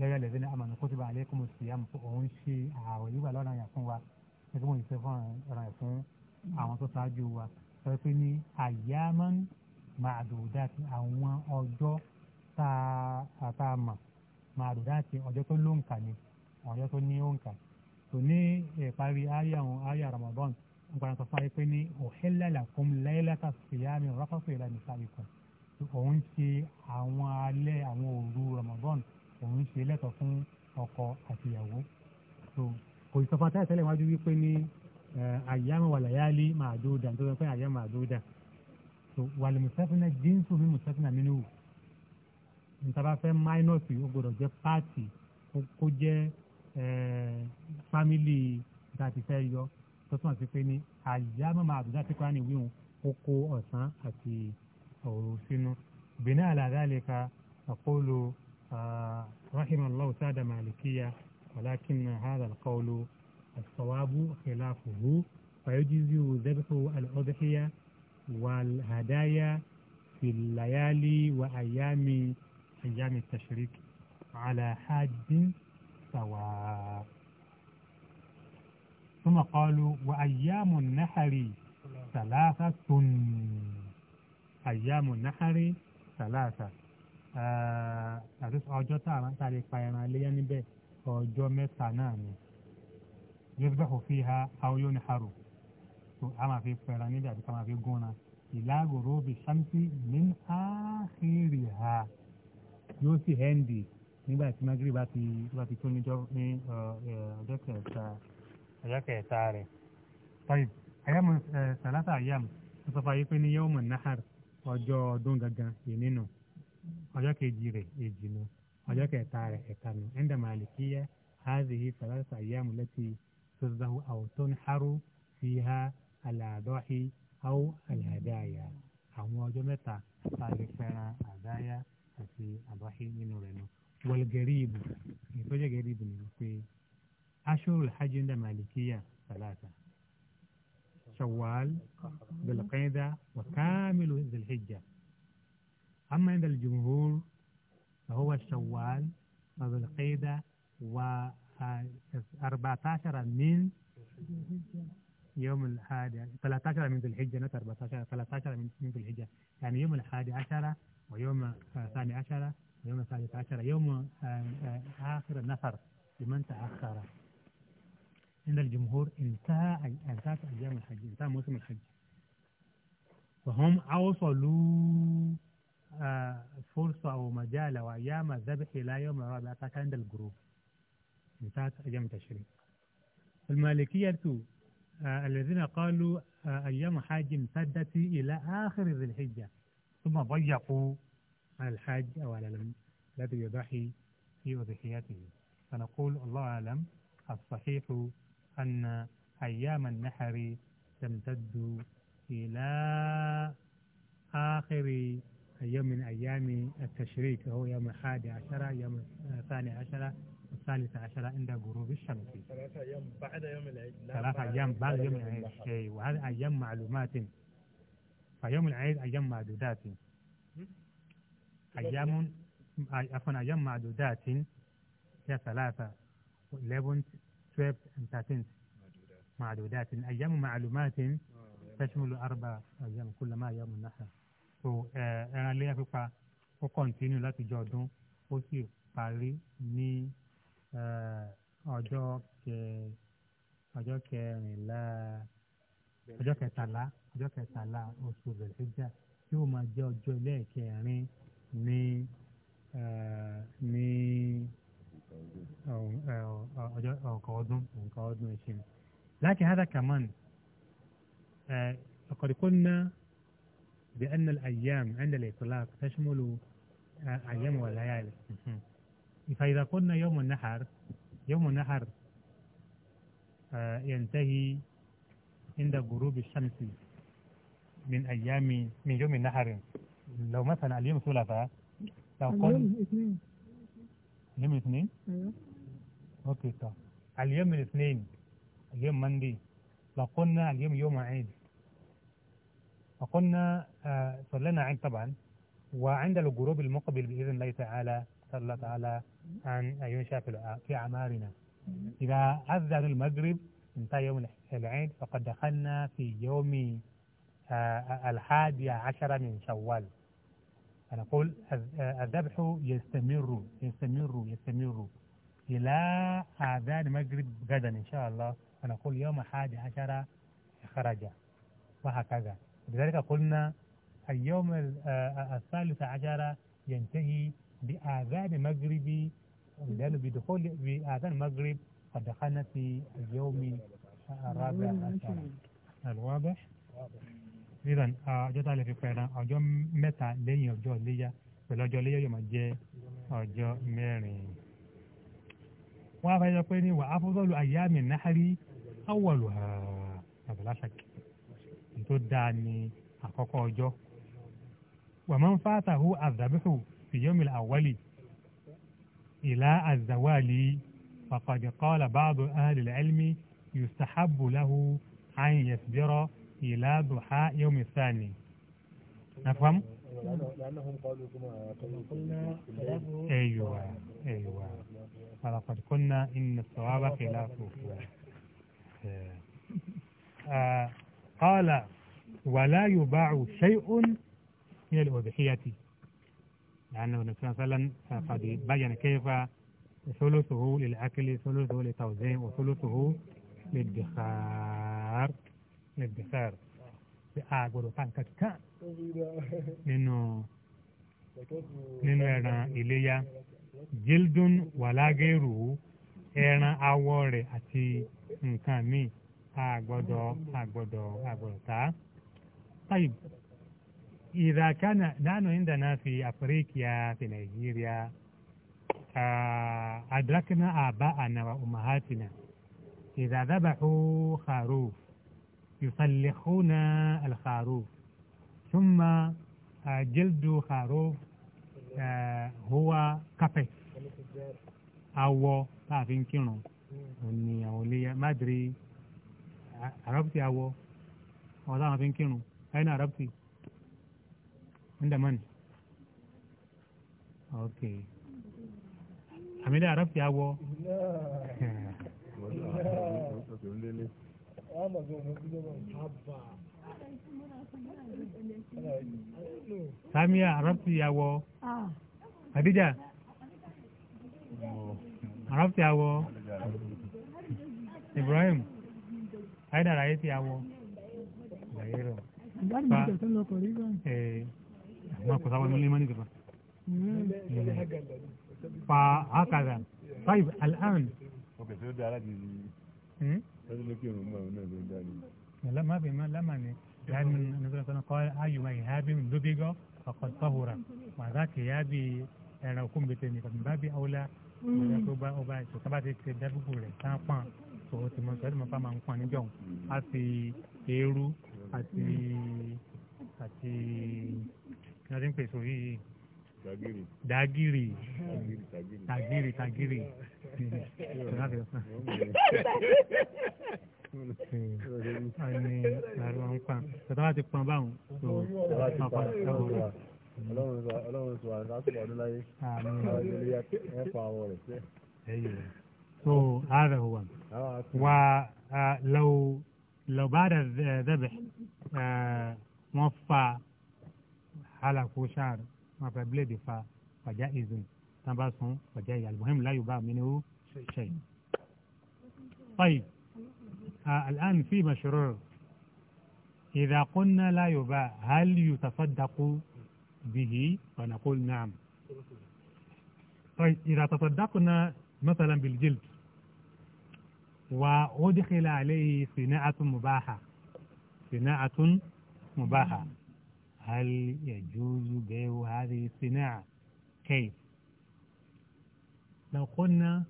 lẹ́yà lẹ́sẹ̀ ní àmọ́ kó ti bá alẹ́ kó mo sì àmọ́ òun ṣe ààwẹ̀ yíwà lọ́nà yà fún wa gẹ́gẹ́ bó ń ṣe fún ọ̀ràn yà fún àwọn tó ṣáájú wa sọ pé ní àyà máa ń máa dòdà sí àwọn ọjọ́ tá a mọ̀ máa dòdà sí ọjọ́ tó lóǹkà ni ọjọ́ tó ní òǹkà ni tò ní ìparí eh, àyà àwọn àyà Ramadan ń gbàdá sọ fáyé pé ní uhilla lakum laylata siyami rafatu ila nisaikum òun ṣe àwọn alẹ́ àwọn òru Ramadan òun ṣe lẹ́tọ̀ fún ọkọ àtìyàwó tó kò ìsọfà táyà tẹ́lẹ̀ wájú wípé ní àyàmù eh, wàlàyálì ma'duda tó sọ pé àyàmù ma'duda tó wàlùmùsẹ́fúnà jíǹsù mi mùsẹ́fúnà mínú ntabafẹ́ máínọ̀sì ó gbọdọ̀ jẹ́ pààtì kó jẹ́ Eh, fámìlì tàbí fẹ́ yọ tó túmọ̀ sí pé ní àyà mọ́mọ́ àbùdá tí kò á ní wíwọ̀n ó kó ọ̀sán àti òru sínú. bìnà àlàdálẹ̀ka àkóòlù rahimallahu sáadà màlìkíyà wàlákìn hàdà àkóòlù àsọwábù khìláfùhù fàyójúzù zẹ́bìkù àlọ́dẹ́hìyà wàlhàdáyà fìlàyálì wà àyàmì àyàmì tàṣíríkì àlàhàdín. سواء ثم قالوا وأيام النحر ثلاثة أيام النحر ثلاثة àti ọjọ́ tá a ta lè pa ẹran iléyà níbẹ̀ ọjọ́ mẹ́ta náà ni yorùbá kò fi ha aoyó ni haro tó a máa fi pẹ̀ra níbẹ̀ àti ká máa fi gúnra ìlàgòrò bíi samsi ní àhírí ha yóò sì hẹ́ndì nígbà tí magiri bá ti bá ti tó níjọ́ ní ọjọ́ kẹta ọjọ́ kẹta rẹ̀ tọ́yì ayamu salasa ayam wọ́n sọ fún ayé pé ní yẹ́wò mọ̀ nahar ọjọ́ ọdún gangan yìí nínú ọjọ́ kejì rẹ̀ èjì nù ọjọ́ kẹta rẹ̀ ẹ̀ka nù ẹ̀ńdà màlìkíyà hàzìhì salasa ayam lẹ́tì tuzdahu aw tunharu fiha aladọ́hì aw alhadaya àwọn ọjọ́ mẹ́ta tá a lè fẹ́ràn àdáyà àti àdọ́hì nínú rẹ̀ nù. والقريب يتوجه قريب في أشهر الحج عند مالكية ثلاثة شوال بالقيدة وكامل ذي الحجة أما عند الجمهور فهو الشوال وبالقيدة و 14 من يوم الحادي 13 من ذي الحجة 14 13 من ذي الحجة يعني يوم الحادي عشرة ويوم الثاني عشرة يوم الثالث عشر يوم آه، آه، آخر النفر لمن تأخر عند الجمهور انتهى انتهت أيام الحج انتهى موسم الحج وهم أوصلوا آه، فرصة أو مجال وأيام الذبح إلى يوم الرابع عند الجروب انتهت أيام التشريق المالكية الذين قالوا أيام حاج امتدت إلى آخر ذي الحجة ثم ضيقوا على الحاج أو على الذي يضحي في أضحيته فنقول الله أعلم الصحيح أن أيام النحر تمتد إلى آخر يوم من أيام التشريك وهو يوم الحادي عشر يوم الثاني عشر الثالث عشر عند غروب الشمس ثلاثة أيام بعد يوم العيد ثلاثة أيام بعد يوم العيد إيه، وهذه أيام معلومات فيوم العيد أيام معدودات أيام عفوا أيام معدودات هي ثلاثة 11 12 and 13 معدودات أيام معلومات تشمل أربع أيام كلما يوم النحر so eh, ẹran lẹ́yìn pípa ó kọ́ntínú láti jọ ọdún ó sì parí ní eh, ọjọ́ kẹ ọjọ́ kẹrìnlá ọjọ́ kẹtàlá ọjọ́ kẹtàlá oṣù bẹ̀rẹ̀ sí jà tí ó máa jẹ́ ọjọ́ ẹlẹ́ẹ̀kẹrin ní ní آه، او او ọdún او ọdún ẹ̀sìn لكن هذا كمان فقد آه، قلنا بأن الأيام عند الإطلاق تشمل آه، أيام وليالي فإذا قلنا يوم النحر يوم النحر ينتهي عند غروب الشمس من أيام من يوم النحر لو مثلا اليوم الثلاثاء لو قلنا اليوم الاثنين اليوم الاثنين ايوه اوكي طب اليوم الاثنين اليوم مندي لو قلنا اليوم يوم عيد فقلنا آه، صلينا عيد طبعا وعند الغروب المقبل بإذن الله تعالى صلى تعالى أن ينشأ أيوة في أعمارنا إذا أذن المغرب انتهى يوم العيد فقد دخلنا في يوم آه، الحادي عشر من شوال فنقول الذبح يستمر يستمر يستمر إلى آذان مغرب غدا إن شاء الله فنقول يوم حادي عشر خرج وهكذا لذلك قلنا اليوم الثالث عشر ينتهي بآذان مغرب لأنه بدخول بآذان مغرب قد دخلنا في اليوم الرابع عشر الواضح؟ واضح ríràn ọjọ́ tá lè fi pẹran ọjọ́ mẹ́ta lẹ́yìn ọjọ́ iléyà pẹ̀lú ọjọ́ iléyà yóò máa jẹ́ ọjọ́ mẹ́rin. wọ́n á fẹ́ yọ pé ní wà á fọ́sọ́lù àyàmì náhárí awọ̀lù àbàlásàkì tó da ní àkọ́kọ́ ọjọ́. wà máa ń fàtà hu àzàbíhù fi fìyọ́mìlì àwọ̀lì ìlà àzàwálì fàkàdé kọ́lá báàbò àhàlì ilmi yustahabu lahu àyìn yasbira إلى ضحى يوم الثاني نفهم؟ لأنهم قالوا كما أيوة أيوة فلقد قلنا إن الصواب خلافه آه قال ولا يباع شيء من الأضحية لأنه النبي صلى الله عليه وسلم قد بين كيف ثلثه للأكل ثلثه للتوزيع وثلثه للدخار lẹ́gbẹ̀sẹ̀rẹ̀ ah, mm, pé a gbọ́dọ̀ pa nǹkan kan nínú nínú ẹran iléyà jildun wàlágẹ́rù ẹran awọ rẹ̀ àti nǹkan míì a gbọ́dọ̀ a gbọ́dọ̀ a gbọ́dọ̀ ta. إذا كان نحن عندنا في أفريقيا في نيجيريا أدركنا آباءنا وأمهاتنا إذا ذبحوا خروف يصلحون الخروف ثم آه، جلد خروف آه، هو كفه أو تعرفين كنو أني أولي ما أدري عربتي أو أو تعرفين كنو أين عربتي عند من أوكي حميدة عربتي أو لا ama zo mu gido ban habba samiya arabti yawo Khadija arabti yawo Ibrahim haidar ayi ti yawo bayero fa eh ma ko sawo mun imani ka fa hakaza طيب الآن ẹni ló kírun mọ́ àwọn náà ló ń dá ní. lọ́mọ bí mọ́ lọ́mọ ni láàrin nígbà tó ń kọ́ ayùmọ̀ ìhábí lóbígọ́ ọ̀pọ̀ tọ́hùrà wàdà kìyàbí ẹ̀ràn òkú mbètè ní kàtúntà bá bí mm. ọ̀la ọ̀la tó bá ọba ìṣòkà bá ti ṣe dábùbù rẹ̀ sáà pọ̀n tó o ti mọ sọ́ọ́dì mọ́ fáwọn pọ̀n níjọ́ àti eérú àti àti kí wọ́n Tagiri, tagiri tagiri Tagiri. làrá ń pa tọ́tà bá ti pọn báwọn tó tọ́tà pa sábòrò. ọlọ́run sọ àná láti wà ní láyé ẹ pa àwọn rẹ̀ sí. so هذا wọn fẹ́ bíléèdì fa fàjà ìzù tán bá sun fàjà ìyá alùpùpù láyò bá mi ní ó ṣe. طيب الآن في مشروع إذا قلنا لا يباع هل يتصدق به فنقول نعم طيب إذا تصدقنا مثلا بالجلد وأدخل عليه صناعة مباحة صناعة مباحة هل يجوز بيع هذه الصناعة كيف لو قلنا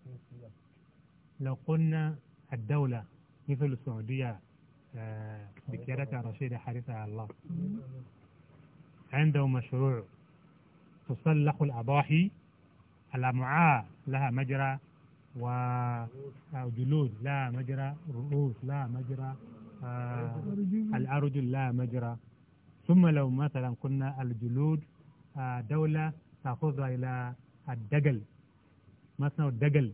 لو قلنا الدولة مثل السعودية آه، بكرتها رشيدة حريصة على الله عنده مشروع تصلح الأضاحي الأمعاء لها مجرى وجلود لها مجرى رؤوس لها مجرى آه، الأرجل لا مجرى ثم لو مثلا قلنا الجلود آه، دولة تأخذها إلى الدجل مثلا الدجل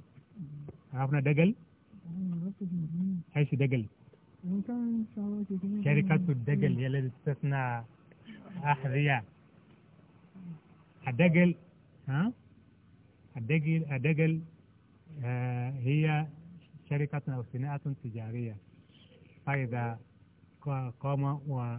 عرفنا دجل ايش دجل شركة الدجل هي التي تستثنى أحذية الدجل ها الدجل الدجل آه، هي شركة أو صناعة تجارية فإذا قام و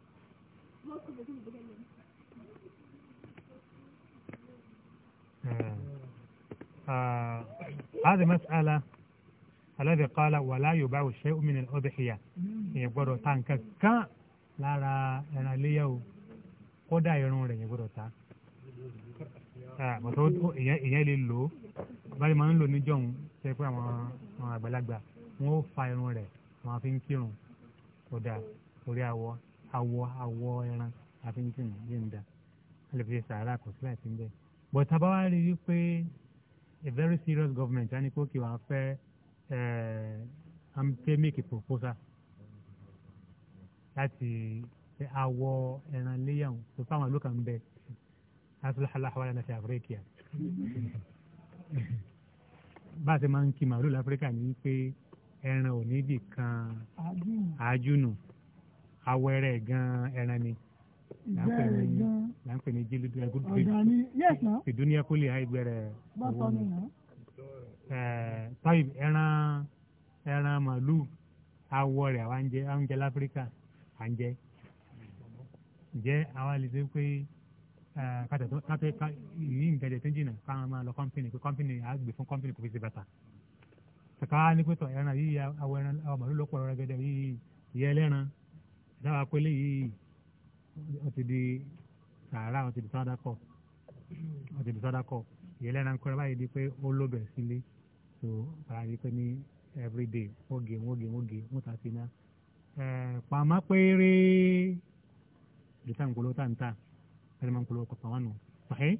هذه مسألة الذي قال ولا يباع شيء من الأضحية يقولوا تانك كا لا لا أنا ليو kódà irun rẹ̀ yẹn gbọ́dọ̀ ta ah, bàtà ìyẹn lè lò ó báyìí máa ń lò níjọ̀hún ṣe pé àwọn àgbàlagbà wọn ó fa irun rẹ̀ wọn fi ń kírun kódà orí awọ àwọ̀ àwọ̀ ẹran àfi ní tìǹbù yé ń da a lè fi ṣe sàárà kò sílẹ̀ sí bẹ́ẹ̀. but tá a bá wá rí i pé a very serious government á ní kó kí wàá fẹ́ eh, fẹ́ make a proposal láti àwọ̀ ẹran léyàwó tó fáwọn ìlú kan bẹ́ẹ̀ asalaha alahawala na fi afirikia bá a ṣe máa ń kí màálù láfíríkà ní pé ẹran ò níbì kan àájúnù awẹ́rẹ́ gan ẹran ni bẹ́ẹ̀ gan là ń pè ní jílu dúró ẹgúdú ọ̀dà ni yes na ìdúnyẹ kó lè ha ìgbẹ́rẹ́ owó ni táyì ẹran ẹran màálù awọ rẹ̀ àwa ń jẹ à ń jẹ láfíríkà à ń jẹ ǹjẹ́ àwa lè dé pé kàtà tó yìí nǹkan jẹ tó ń jìnnà káwọn máa lọ kọ́mpìnì pé kọ́mpìnì àgbè fún kọ́mpìnì kò fi ṣe bàtà kàkà ní pé tọ̀ ẹran yìí awọ ẹran màálù lọ́pọ̀ yìí ìyẹ́ ẹlẹ́ran dáwà pé léyìí wọ́n ti di sàárà wọ́n ti di sádàkọ̀ wọ́n ti di sádàkọ̀ ìyẹn lẹ́nu akọ́rẹ́ báyìí di pé ó lóbẹ̀ sílé so ara di pé ní everyday wọ́n gé wọ́n gé wọ́n gé wọ́n ta sí iná pàmò péré lùtà ń polówó tàǹtà ẹni máa ń polówó pàmò nù pàhẹ́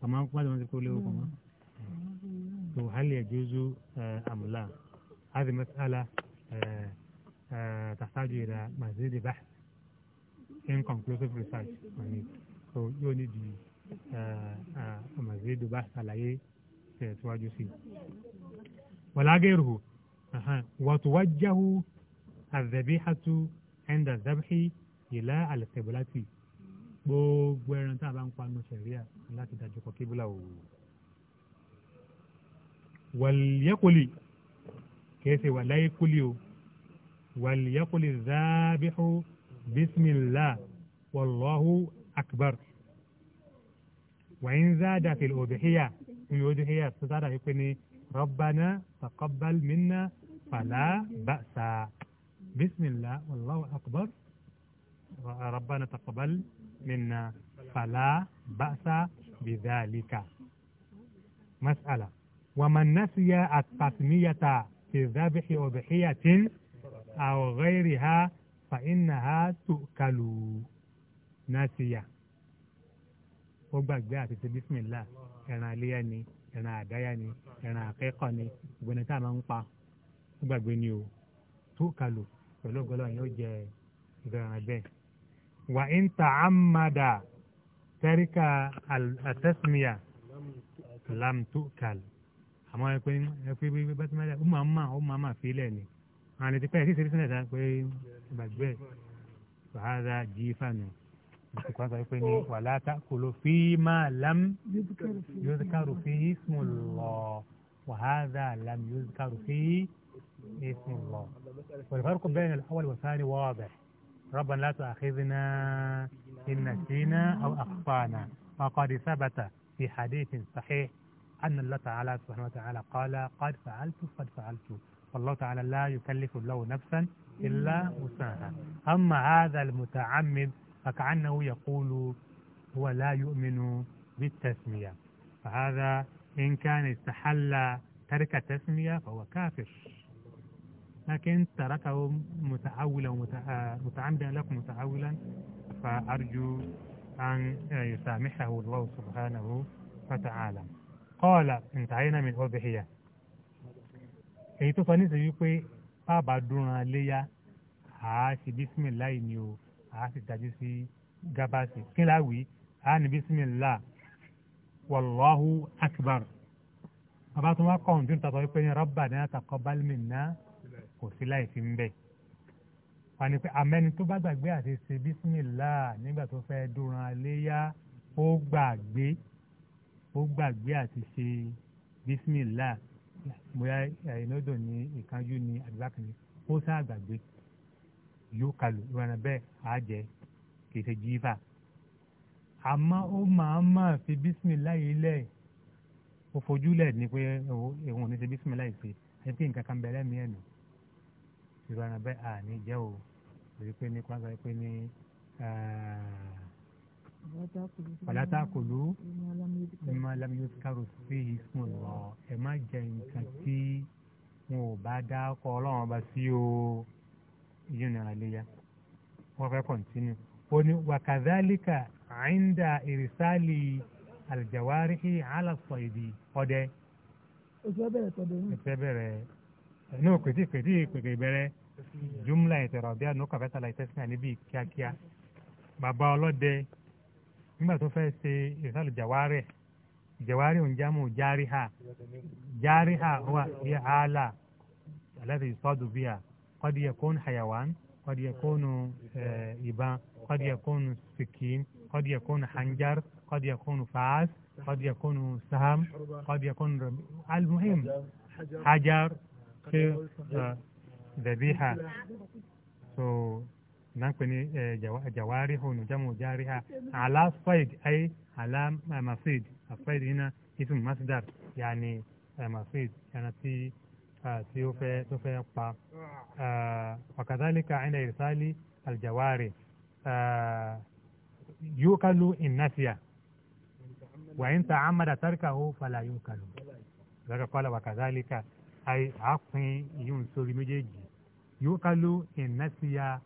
pàmò wájú wọn ti polówó pàmò so hali ẹ̀ józó àmúlà hadi masala. تحتاج إلى مزيد بحث inconclusive research on it so yóò ní di مزيد بحث àlàyé tẹ̀síwájú sí. ولا غيره وتوجه الذبيحة عند الذبح إلى القبلة gbogbo ẹran tá a bá ń panu sẹ̀ríà láti dájú kọ kíbílà o. wàlẹ́kùlì kìí ṣe wàlẹ́kùlì o. وليقل الذابح بسم الله والله أكبر وإن زاد في الأضحية الأضحية زاد يقول ربنا تقبل منا فلا بأس بسم الله والله أكبر ربنا تقبل منا فلا بأس بذلك مسألة ومن نسي التسمية في ذبح أضحية aw ghayriha fa innaha tu'kalu nasiya ó gbàgbé àti ṣe bísímìlá ẹran aléyá ni ẹran àdáyá ni ẹran àkẹ́kọ̀ọ́ ni ìgbẹ́ni tá a máa ń pa ó gbàgbé ni o tu'kalu pẹ̀lú ọgọ́lọ́ yẹn ó jẹ ìgbẹ́ran bẹ́ẹ̀. wà á ń ta àmàdà tẹ́ríkà àtẹ́sìmíyà lam tu'kal àmọ́ ẹ pé ẹ pé bẹ́tẹ́mẹ́lẹ́ ó máa ń mà ó máa ń mà fílẹ̀ ni. àwọn ti pẹ́ ẹ̀ sì ṣe bísíǹnẹ̀ sá pé gbàgbé wàhálà jí fáànù ìsìnkú wọn sọ pé ní wàhálà ta kòló fi máa lam yóò kárò fi ismu lọ wàhálà lam yóò kárò fi ismu lọ. والفرق بين الأول والثاني واضح ربنا لا تؤاخذنا إن نسينا أو أخطأنا وقد ثبت في حديث صحيح أن الله تعالى سبحانه وتعالى قال قد فعلت قد فعلت فالله تعالى لا يكلف الله نفسا إلا وسعها أما هذا المتعمد فكأنه يقول هو لا يؤمن بالتسمية فهذا إن كان استحل ترك التسمية فهو كافر لكن تركه متعولا متعمدا لكم متعولا فأرجو أن يسامحه الله سبحانه وتعالى قال انتهينا من أضحية èyí tó sọ níṣẹ́ wípé bàbá dúnra léyà á ṣe bísímìláì ni o á sì dájú sí gábàsì kíláwì á ní bísímìlá wàlláhu akbar bàbá tó wá kọ̀ọ̀n tó ń tàtọ̀ wípé ní rabbana taqabbal minna kò sí láì fi ń bẹ̀ fani pé amẹ́ni tó bá gbàgbé àti ṣe bísímìlá nígbà tó fẹ́ dúnra léyà ó gbàgbé ó gbàgbé àti ṣe bísímìlá bóyá ìnádọ̀ eh, ní ìkanjú ní àdúrà kan ní ó sáà gbàgbé yóò kalù ìrànà bẹ́ẹ̀ á jẹ kì í ṣe jífà àmọ́ ó máa ń máa fi bísímìláì lẹ̀ ó fojú lẹ̀ ní pé òun ò ní ṣe bísímìláì ṣe ẹni nǹkan kan bẹ̀rẹ̀ mí ẹ̀nu ìrànà bẹ́ẹ̀ à jẹ́ o èyí pé ní kó pé ní eh, wàlátà kòló ìmọ̀ alámiyọ́síkàrò sí ìsún lọ ẹ má jẹ nǹkan tí wọn ò bá dá ọkọ ọlọ́run ọba sí o yìí nà àléyá wọ́n fẹ́ kọ̀ntínú. ó ní wàkàzálíkà àìndà ìrìsálì àlìjàwárí àlàsọ̀ ìdí ọdẹ. ìfẹ́ bẹ̀rẹ̀ tọ́dọ̀ yìí. ìfẹ́ bẹ̀rẹ̀ ní òkèjì kèjì ìpèkè bẹ̀rẹ̀ jumla ìtẹ̀rọ̀ bí ànú kàfẹ́sàlà ìtẹ́sìn àníbì kíákíá bàbá ọlọ́dẹ مما توفيتي يسال جوارح جوارح جامو جارحة جارحة هو هي آلة الذي يصاد بها قد يكون حيوان قد يكون إبان قد يكون سكين قد يكون حنجر قد يكون فاس قد يكون سهم قد يكون رب... المهم حجر ذبيحة نكوني آه، جوارح ونجم جارحة على صيد أي على مصيد الصيد هنا اسم مصدر يعني آه، مصيد كانت في آه، سيوفة سوفة يقفى وكذلك عند إرسال الجوارح يوكل النسية وإن تعمد تركه فلا يوكل ذلك قال وكذلك أي عقص ينسو بمجيج يوكل النسية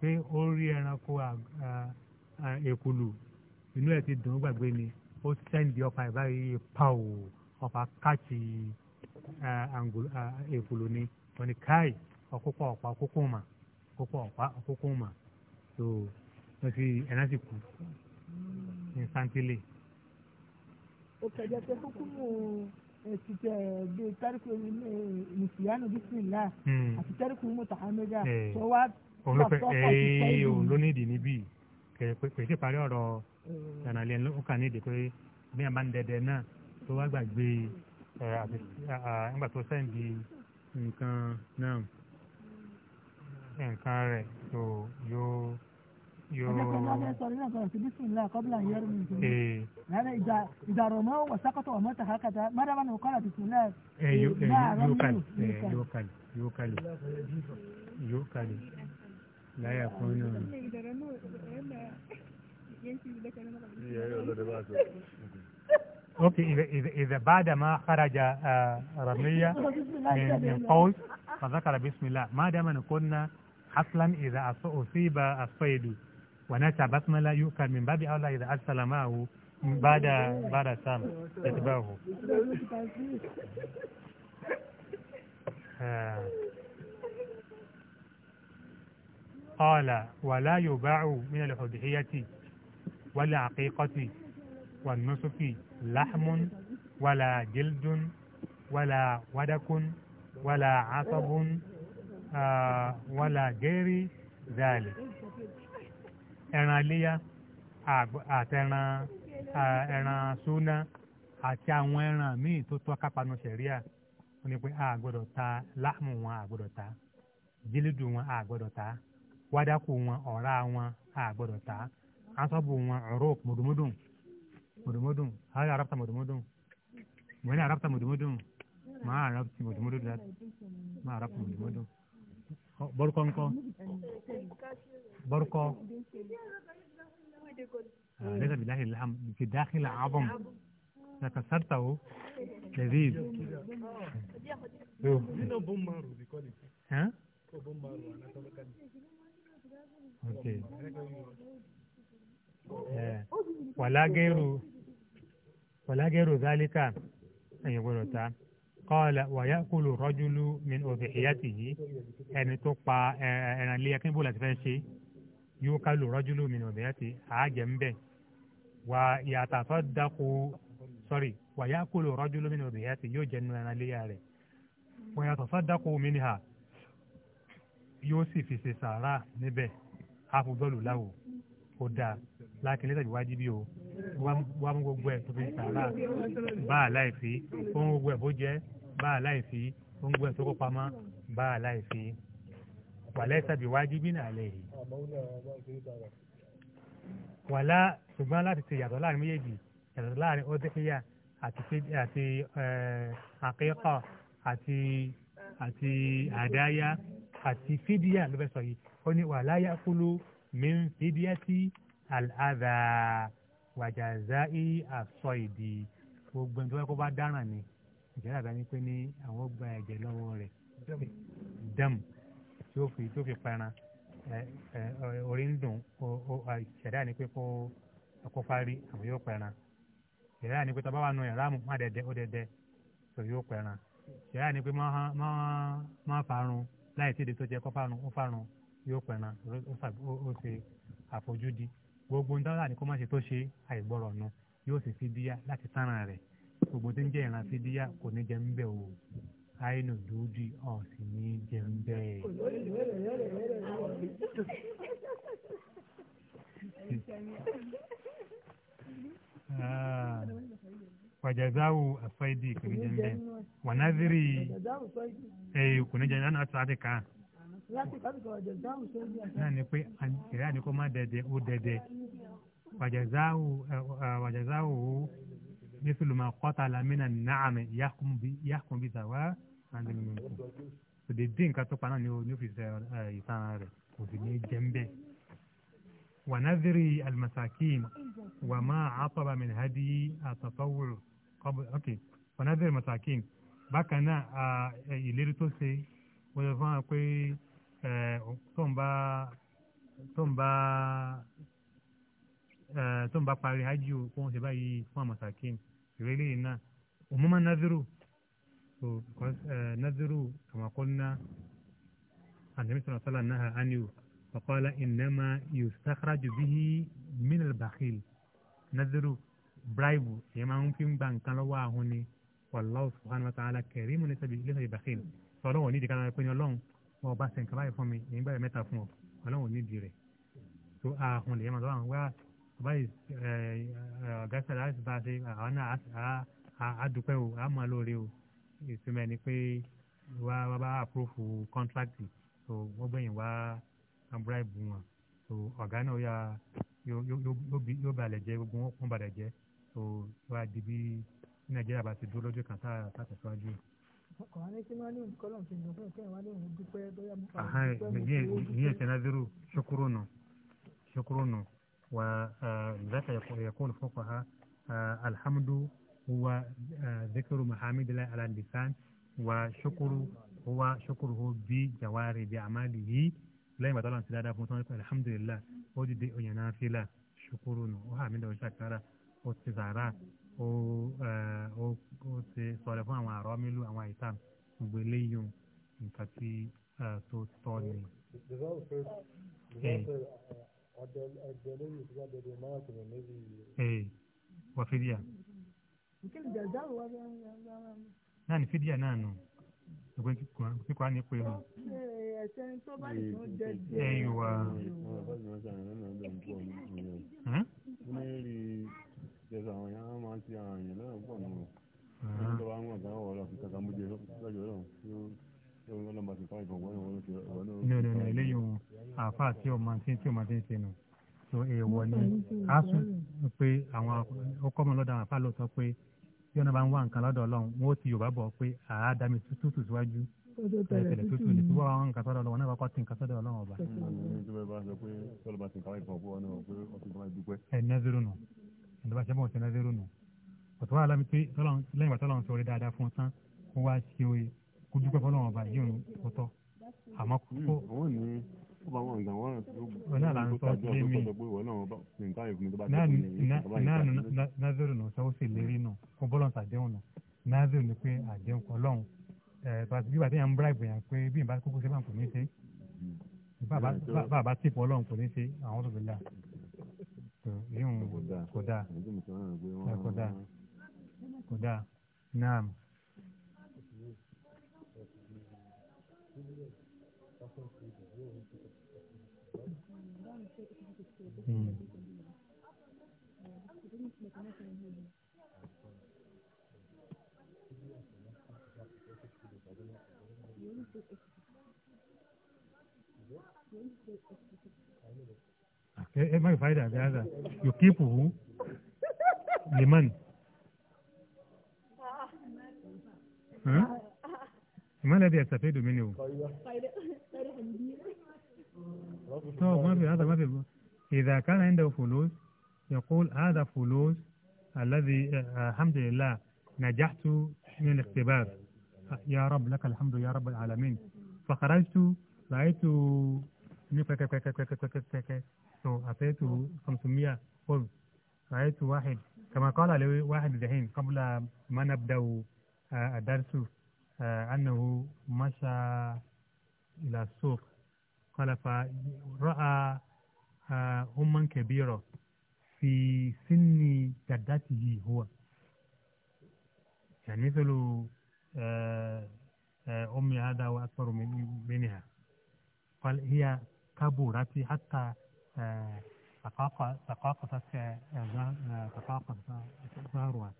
pé ó rí ẹranko èkùlù inú ẹ̀ ti dùn ún gbàgbé ni ó sẹ́ǹdì ọ̀pá ẹ̀ báyìí pàwò ọ̀pá káàkì èkùlù ni wọ́n ní káì ọ̀kókó ọ̀pá ọ̀kókó mà ọ̀kókó ọ̀pá ọ̀kókó mà tó wọ́n fi ẹ̀ná sì kú ní santile. ó kẹjọ pé kúkúrú ti tẹ bí ní mùsùlùmí bísí ńlá àti tárìkù mùtàhámẹ́dà eh. tó wá òun ló fẹ́ ẹ eh, òun ló ní ìdí níbí kò sí parí ọ̀rọ̀ ìyànàlẹ́ eh. ló kà ní ìdí pé bí a máa ń dẹdẹ náà tó wá gbàgbé eh, nígbà tó sẹ́ǹdì nǹkan náà nǹkan rẹ̀ tó yóò yóò. ọjọ́ kan lọ́dọ̀ la yapamıyorum. اوكي اذا اذا اذا بعد ما خرج رمية من من قوس فذكر بسم الله ما دام كنا اصلا اذا اصيب الصيد ونسى بسم الله يؤكل من باب اولى اذا ارسل معه بعد بعد سام يتبعه قال ولا يباع من الأضحية ولا عقيقة لحم ولا جلد ولا ودك ولا عصب ولا غير ذلك ẹran iléyà àtẹran ẹran súná àti àwọn ẹran míì tó tọ́ kápánu sẹ̀ríà wọ́n ní pé a ta láàmù wọn a ta jílídù wọn a ta wádákù wọn ọ̀rá wọn àgbọ̀dọ̀ tà asọ́bù wọn ọ̀rọ̀ mùdùmùdùn mùdùmùdùn hàlẹ́ àràbùtà mùdùmùdùn mùwẹ́nì àràbùtà mùdùmùdùn màá àràbùtì mùdùmùdùn màá àràbùtì mùdùmùdùn bọ́rúkọ ńkọ́ bọ́rúkọ. ليس بالله الحمد في داخل عظم تكسرته لذيذ ها okay eh, wàlágẹ́rù wàlágẹ́rù zálíkà ẹ̀yìn gbọ́dọ̀ ta kọ́ọ̀lá wàyà kúlù rọ́júlù min òbí ìyàtì yìí ẹni tó pa ẹran lé akínbó láti fẹ́ ṣe yóò kálù rọ́júlù min òbí ìyàtì àájẹ́ ń bẹ̀ wà yàtàfọ́ dákú wàyà kúlù rọ́júlù min òbí yóò jẹ́ nínú ẹran léyà rẹ̀ wàyàtàfọ́ dákú mi ni ha yóò sì fi ṣe sàárà níbẹ̀ afudọ́lù láwò ó dáa láàkín lẹ́sẹ̀ ìwádìí bí o wá mú gbogbo ẹ̀ tó fi sàrà bá a láì fi ó ń gbogbo ẹ̀ bó jẹ́ bá a láì fi ó ń gbogbo ẹ̀ tó kó pamọ́ bá a láì fi wàlẹ́ sàbí wájú bí nàá lẹ́yìn. wàlá ṣùgbọ́n láti ṣe yàtọ̀ láàrin méjèèjì yàtọ̀ láàrin ọdẹ́kẹ́yà àti àkẹ́kọ̀ọ́ àti eh, àdáyá àti fídíà ló fẹ́ sọ yìí ó ní wàhálà yakulu min fídíẹ́tì àlàdà wàjàzá ì àsọ ìdí gbogbo ẹni tó yẹ kó bá dáràn ni ìjọba àgbà ní pé ní àwọn gba ẹ̀jẹ̀ lọ́wọ́ rẹ̀ dam tí ó fi tó fi paran orí ń dùn ṣẹ̀dá ni pé kó kó fárí àwọn yóò pẹ̀ran ṣẹ̀dá ni pé tọ́ bá wà nù ìrámù má dẹ̀dẹ̀ ó dẹ̀dẹ̀ tó yóò pẹ̀ran ṣẹ̀dá ni pé má farun láì síde tó jẹ́ kó farun ó farun yóò pẹ̀ràn ó ṣe àfojúdi gbogbo ń dáwọ́lá ní kó má ṣe tó ṣe àìgbọ́rọ̀ nu yóò ṣe fídíà láti sáràn rẹ̀ gbogbo tí ń jẹ́ ìran fídíà kò ní jẹ́ ń bẹ̀ o àìnù dúdú ọ̀sìn ní jẹ́ ń bẹ̀. Ah. wajazawu kò ní jẹ́ ń bẹ̀ eh, kò ní jẹ́ ń náà tó a náà ni pé ìrẹ́ àdínkù má dẹ̀dẹ̀ ó dẹ̀dẹ̀ wàjàzáwò ó nífìlú máa kọ́ta lamina nàámi yàkùn bí sàwá àdìmínkù òdèdè nǹkan tó pa náà ni ó ní òfìsẹ ìtàn rẹ kò sì ní jẹ́ńbẹ́. ونذري المساكين وما عطب من هدي التطوع قبل اوكي ونذري المساكين bákan náà ìlérí tó ṣe Eh, tóun bá tóun bá eh, tóun bá parí hajj o kó wọn ṣe báyìí fún àmọ̀sàkín ìrẹ́lẹ̀ yìí náà òmùmá nàzírù so nàzírù àmàkọ́nà àdèmísọ̀rọ̀ sọ́là náà ánìwò faqala innama yustakhraju bihi min al-bakhil nàzírù bíráìbù èèyàn máa ń fi gba nǹkan lọ́wọ́ àhún ni wallahu subhanahu wa ta'ala karimun nítorí ilé ìbàkìl sọ̀rọ̀ wọ̀ ní ìdíkàlà pé ní ọlọ́run wọn ọba ṣe nǹkan báyìí fún mi èyí gbàgbé mẹ́ta fún ọ ọlọ́run nídìí rẹ̀ tó ààhùn lè yẹmọ lọ́wọ́ wá ọba yìí ọ̀gá sẹ́lá láti bá a ṣe àwọn náà á dúpẹ́ o a mọ lóore o ìsinmi ẹni pé wá wá bá àpòròfò kọ́ńtrákì tó wọ́n gbẹ̀yìn wá abúráìbù wọn tó ọ̀gá náà yà yóò balẹ̀ jẹ́ gbogbo wọn kún balẹ̀ jẹ́ tó wá di bí Nàìjíríà bá ti dúró lójú kan tá a tẹ̀síwájú kọ̀wá ní kí máa ní nǹkan lọ́n ti ń dọ̀kún kí wọ́n ní òun dúpẹ́ bóyá mo fà á dúpẹ́ mo fi owó dúpẹ́. yíyẹ tẹnaziru ṣukurunu ṣukurunu wa zaka yakun fawqaha alhamdu huwa dhikru mahamidillah ala lisan wa shukuru huwa shukuruhu bi jawari bi amalihi lẹ́yìn bàtà lọ́nà ti dáadáa fún sọ́nà alhamdulillah ó dìde òyìnbá fílà ṣukurunu ó hàmídà ó ṣàkárà ó ti sàrà ó ó ṣe sọ̀rọ̀ fún àwọn àrọ́ mílù àwọn àìsàn gbogbo eléyìí nǹkan tí tó tọ́ ni. wà fídíà. náà ni fídíà náà nù ìwé kíkọ́ á ní pé mu. ẹ̀sẹ̀ tó bá lè tún jẹ jẹ. ẹ̀yìn wa jẹ́sọ àwọn èèyàn máa ń ti àwọn èèyàn lọ́nà púpọ̀ nù ní lọ́wọ́ àwọn àgbà wọ̀ lọ fi kankan mújẹ lọ́jọ́ náà tí ó tí ó lọ́nà bàtí fáwọn ìfọ̀wọ́ náà wọ́n ti ọ̀wọ́ náà. ní ọ̀dọ̀ náà eléyìí ohun àfa àti ọmọ tí tí ọmọ ti ń sinú tó èèwọ̀ ni a sún pé àwọn ọkọ ọmọ lọ́dọ̀ àwọn àfa lóòótọ́ pé tí ọ̀nà bá ń wá nǹkan lọ́dọ̀ ọlọ́run wọ́n ti yorùbá bọ̀ pé àádámi tútù síwájú ẹ̀sẹ̀lẹ̀ tútù ní fíwọ́ àwọn nǹkan sọ́dọ̀ ọlọ́run náà kọ́kọ́ ti nǹkan sọ́dọ̀ ọlọ́run ọba. ẹ̀nẹ́zìrò nù ìjọba ṣẹ́ bọ̀ sẹ́nà zero nù ọ̀tọ̀ wà lámi pé lẹ́yìn ìgbà tọ́lọ́run sọ̀rọ̀ dáadáa fún ọtán kó wá ṣe oye kó dúpẹ́ fọlọ́run ọba yìí òun kò tọ́ àmọ́ kó. Hmm, wọ́n ní ó bá wọn ìgbàwọ́n rẹ̀ tó gbọ́ bí bàtí yàn ń bra ìgbìyàn pé bí ìbá kókó ṣe máa ń kò ní ṣe hmm. bàbá tìpọ̀ ọlọ́run kò ní ṣe àwọn tó fi là yíyún kódà kódà kódà naam. Mm. Thank you. ما الفائدة هذا يكيفه لمن ها؟ ما الذي يستفيد منه طيب ما في هذا ما في إذا كان عنده فلوس يقول هذا فلوس الذي الحمد لله نجحت من الاختبار يا رب لك الحمد يا رب العالمين فخرجت رأيت أعطيته 500 خبز رأيت واحد كما قال لي واحد دحين قبل ما نبدأ آه، الدرس آه، أنه مشى إلى السوق قال فرأى آه، أما كبيرة في سن جدته هو يعني مثل أمي هذا وأكثر من منها قال هي كبرت حتى ثقافة ثقافة ثروة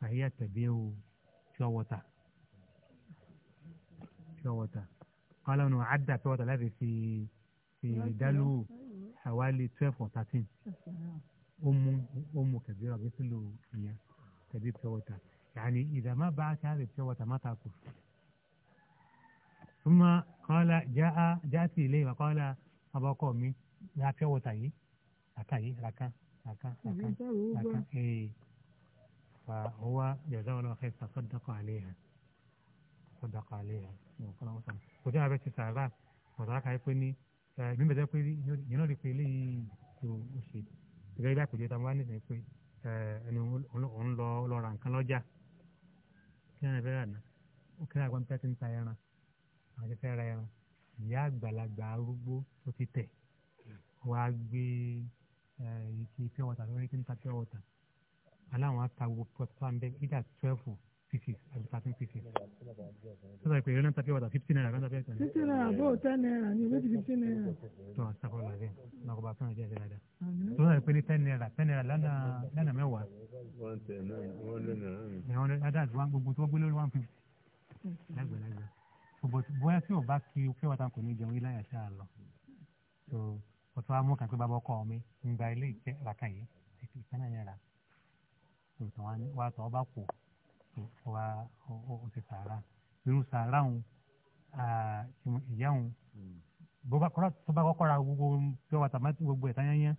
فهي تبيع شوته شوته قال انه عدى شوته الذي في في دلو حوالي 1230 و 13 أم أم كبيرة مثل هي كبير شوته يعني إذا ما باعت هذه الشوته ما تأكل ثم قال جاء جاءت إليه وقال أبا قومي ní afẹ́ wọ̀tà yìí àkàn yìí àkàn àkàn àkàn àkàn ee fa ọwọ́ yàtọ̀ wọn lọ́kẹ́ sàkọ́dọ̀kọ̀ àlẹ́ yẹn sàkọ́dọ̀kọ̀ àlẹ́ yẹn nǹkan náà wọ́n sàn kò tí wọn bẹ ti sàrà ọ̀tọ̀ àkàyè pé ní ẹ̀mí eh, bẹ̀rẹ̀ pé yẹn náà rí pé eléyìí tó o ṣe ìgbẹ́ ilé àpèjẹ tá a wá nísìnyí pé eh, ẹni òun lọ lọ ra nǹkan lọ́jà kí ẹ̀rìn fẹ́ràn náà ó kí ẹ̀rìn àgbọn tẹ́ ti ń ta ẹran àwọn ti fẹ́ ra ẹran ìyá àgbàlagbà arúgbó tó ti tẹ̀ wàá gbé ike pure water lórí kí n ta pure water aláwọn ata gbogbo pọtà ń bẹ ìdá twelve pieces àti thirteen pieces sọ́dọ̀ ìpè ìrẹ́nà ta pure water fifteen naira kan ta pure water. fifteen naira bó o ten naira ni o bẹ ti fifteen naira. tó a sàkó làbẹ náà kó bá fún ọjà ìdáradà sọ́dọ̀ ìpè ní ten naira ten naira lánàá mẹ́wàá. one ten nine one hundred naira. one hundred one gbogbo tó gbé lórí one fifty lágbẹ̀lágbẹ̀ bóyá tí o bá kí pure water kò ní jẹun ilé àyàṣà lọ wọ́n tún wá mú kan pé bàbá ọkọ mi ń gba ilé ìjẹ́ ràkà yìí ètò ìtànà yẹn rà tòótọ́ wa tọ́ bá kù wa ó ti sàárà irú sàárà òun ìyá òun bó bá kọ́ra tó bá kọ́kọ́ ra gbogbo pé wàtà má ti gbogbo ẹ̀ tán yányán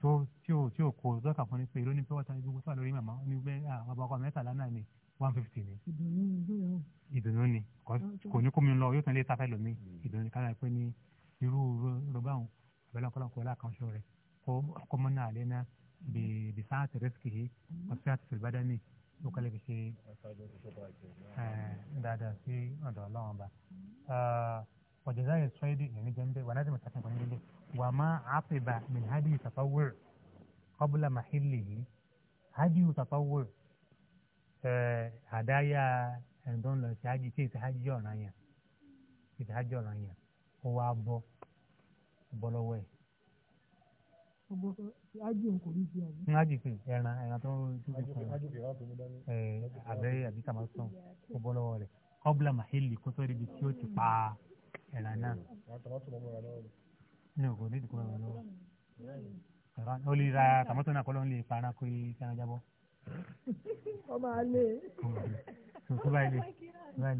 tó tí ò tí ò kó dọ́kà fún ni pé ló ní pé wàtà gbogbo tó lórí màmá ní bẹ́ẹ̀ bàbá ọkọ mẹ́tàlá náà ni one fifty ni ìdùnnú ni kò ní kó mi lọ yóò tán lé tafẹ́ lómi mm. ìdùnnú ni kára pé ní irú rọba àwọn abẹ́lẹ́kọ́lá kọ́ ọ́lá kan ṣọ rẹ̀ kọ́ mọ́nà àlẹ́ náà bí sáà tẹ̀rẹ́ sì kéhe ọ̀sẹ̀ àti fìlìbádà mi ó kálẹ̀ fi ṣe dáadáa sí ọ̀dọ̀ ọlọ́run ọba. ọ̀jọ̀dá yẹn sọ èdè yẹn ní jẹ́ńbẹ́ wà láti mọ̀tàkùn kan nílé wà má àpèbà min hadi tàfáwùr qabla mahillihi hadi tàfáwùr àdáyà ẹ̀ńdọ́n lọ sí hajj tí èsì ọ̀ràn yẹn èsì ọ̀ràn yẹn ó wá bọ́ bọ́ lọ́wọ́ ẹ̀. ájì ń kò rí sí àbí. Hmm, ájì pé ẹran ẹran tó ń tó fi kàn án abẹ́rẹ́ àbí kàmá sàn ó bọ́ lọ́wọ́ rẹ̀ kọ́bùlà màhélì kó tó ríbi tí ó ti pa ẹran náà. ní òkò ní ìdíkọ́ ẹran lọ́wọ́ ó lè ra tàmátò náà kọ́lọ́ ń lè para kó ẹran jábọ́. ọmọ alẹ́. tó báyìí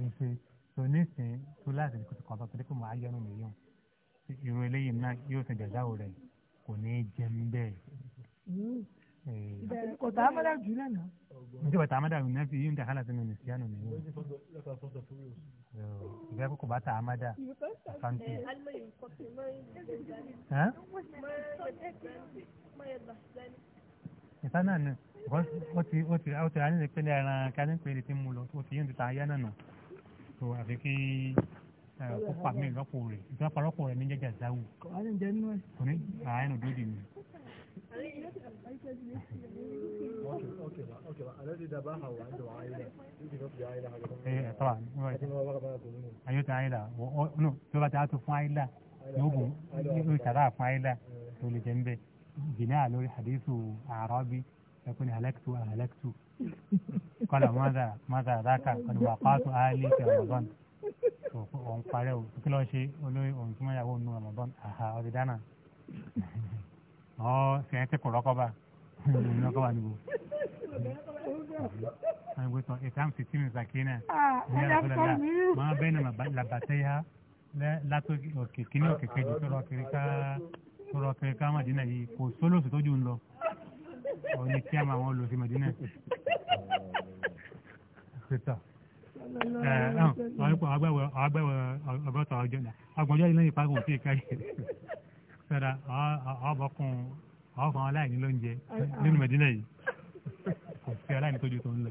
lè ṣe tó nísìnyí tó láti kó ti kàn tó torí kó mọ ayé ọ̀nà mìíràn irú eléyìí náà yóò ṣe jàdáwò rẹ̀ kò ní í jẹ ní bẹ́ẹ̀. Hmm. Eh, kòtà amada jù lẹ́nu. nítorí kòtà amada jù lẹ́nu eh, eh, yìí ń ta hálà sínú nìsíyànù mi. ìgbà kókò bá ta amada fanti. ìta náà ni ó ti ó ti ó ti rà ní ìpínlẹ̀ ẹran kanípele tí mo lọ ó ti yín ti ta ayé náà nù. àfi kí kó pa mí rọ́pò rẹ̀ ìtura pa rọ́pò rẹ̀ ní jẹ́jà záwù. kò ní àánú dúdú mi. ee tọ́wà ayé tó ayéla no tí o bá ti a tó fún ayéla yóò bùn yóò sàrà fún ayéla tó lè jẹ́ nbẹ jìnnà lórí hadithu arabi ẹkùn ni halaktu halaktu kọ́lá mọ́tà mọ́tà dáka kọ́ni wà pàtó ayéli tẹ̀ òun parẹ́ o kí ló ń ṣe olóyè òun súnmọ́ ìyàwó nù ọmọbọ́n àhà ọ̀dẹ̀ dáná ọ̀ sẹ́yìn tí kò rọ́kọ́bà òun rọ́kọ́bà níbo. Ayi wotɔ etam si timi zakina. Aa ɛdá kọ́ mi. Maa bẹ́ẹ̀ nana labateya látó kìíní òkè kejì tó rọ kiri ká tó rọ kiri ká Madina yìí kò sólòsì tó ń lọ. Òun ni kí a máa wọn lò sí Madina àgbàwọ̀ àgbàwọ̀ ọgọ́ta ọjọ́ náà agbọ̀njọ́ ilé ìpagùn òfin káyé sọ́dà ọ̀bọ̀kùn ọ̀fọ̀n aláìní lóúnjẹ nínú mẹ̀dínà yìí kò sí aláìní tójú tó ń lọ.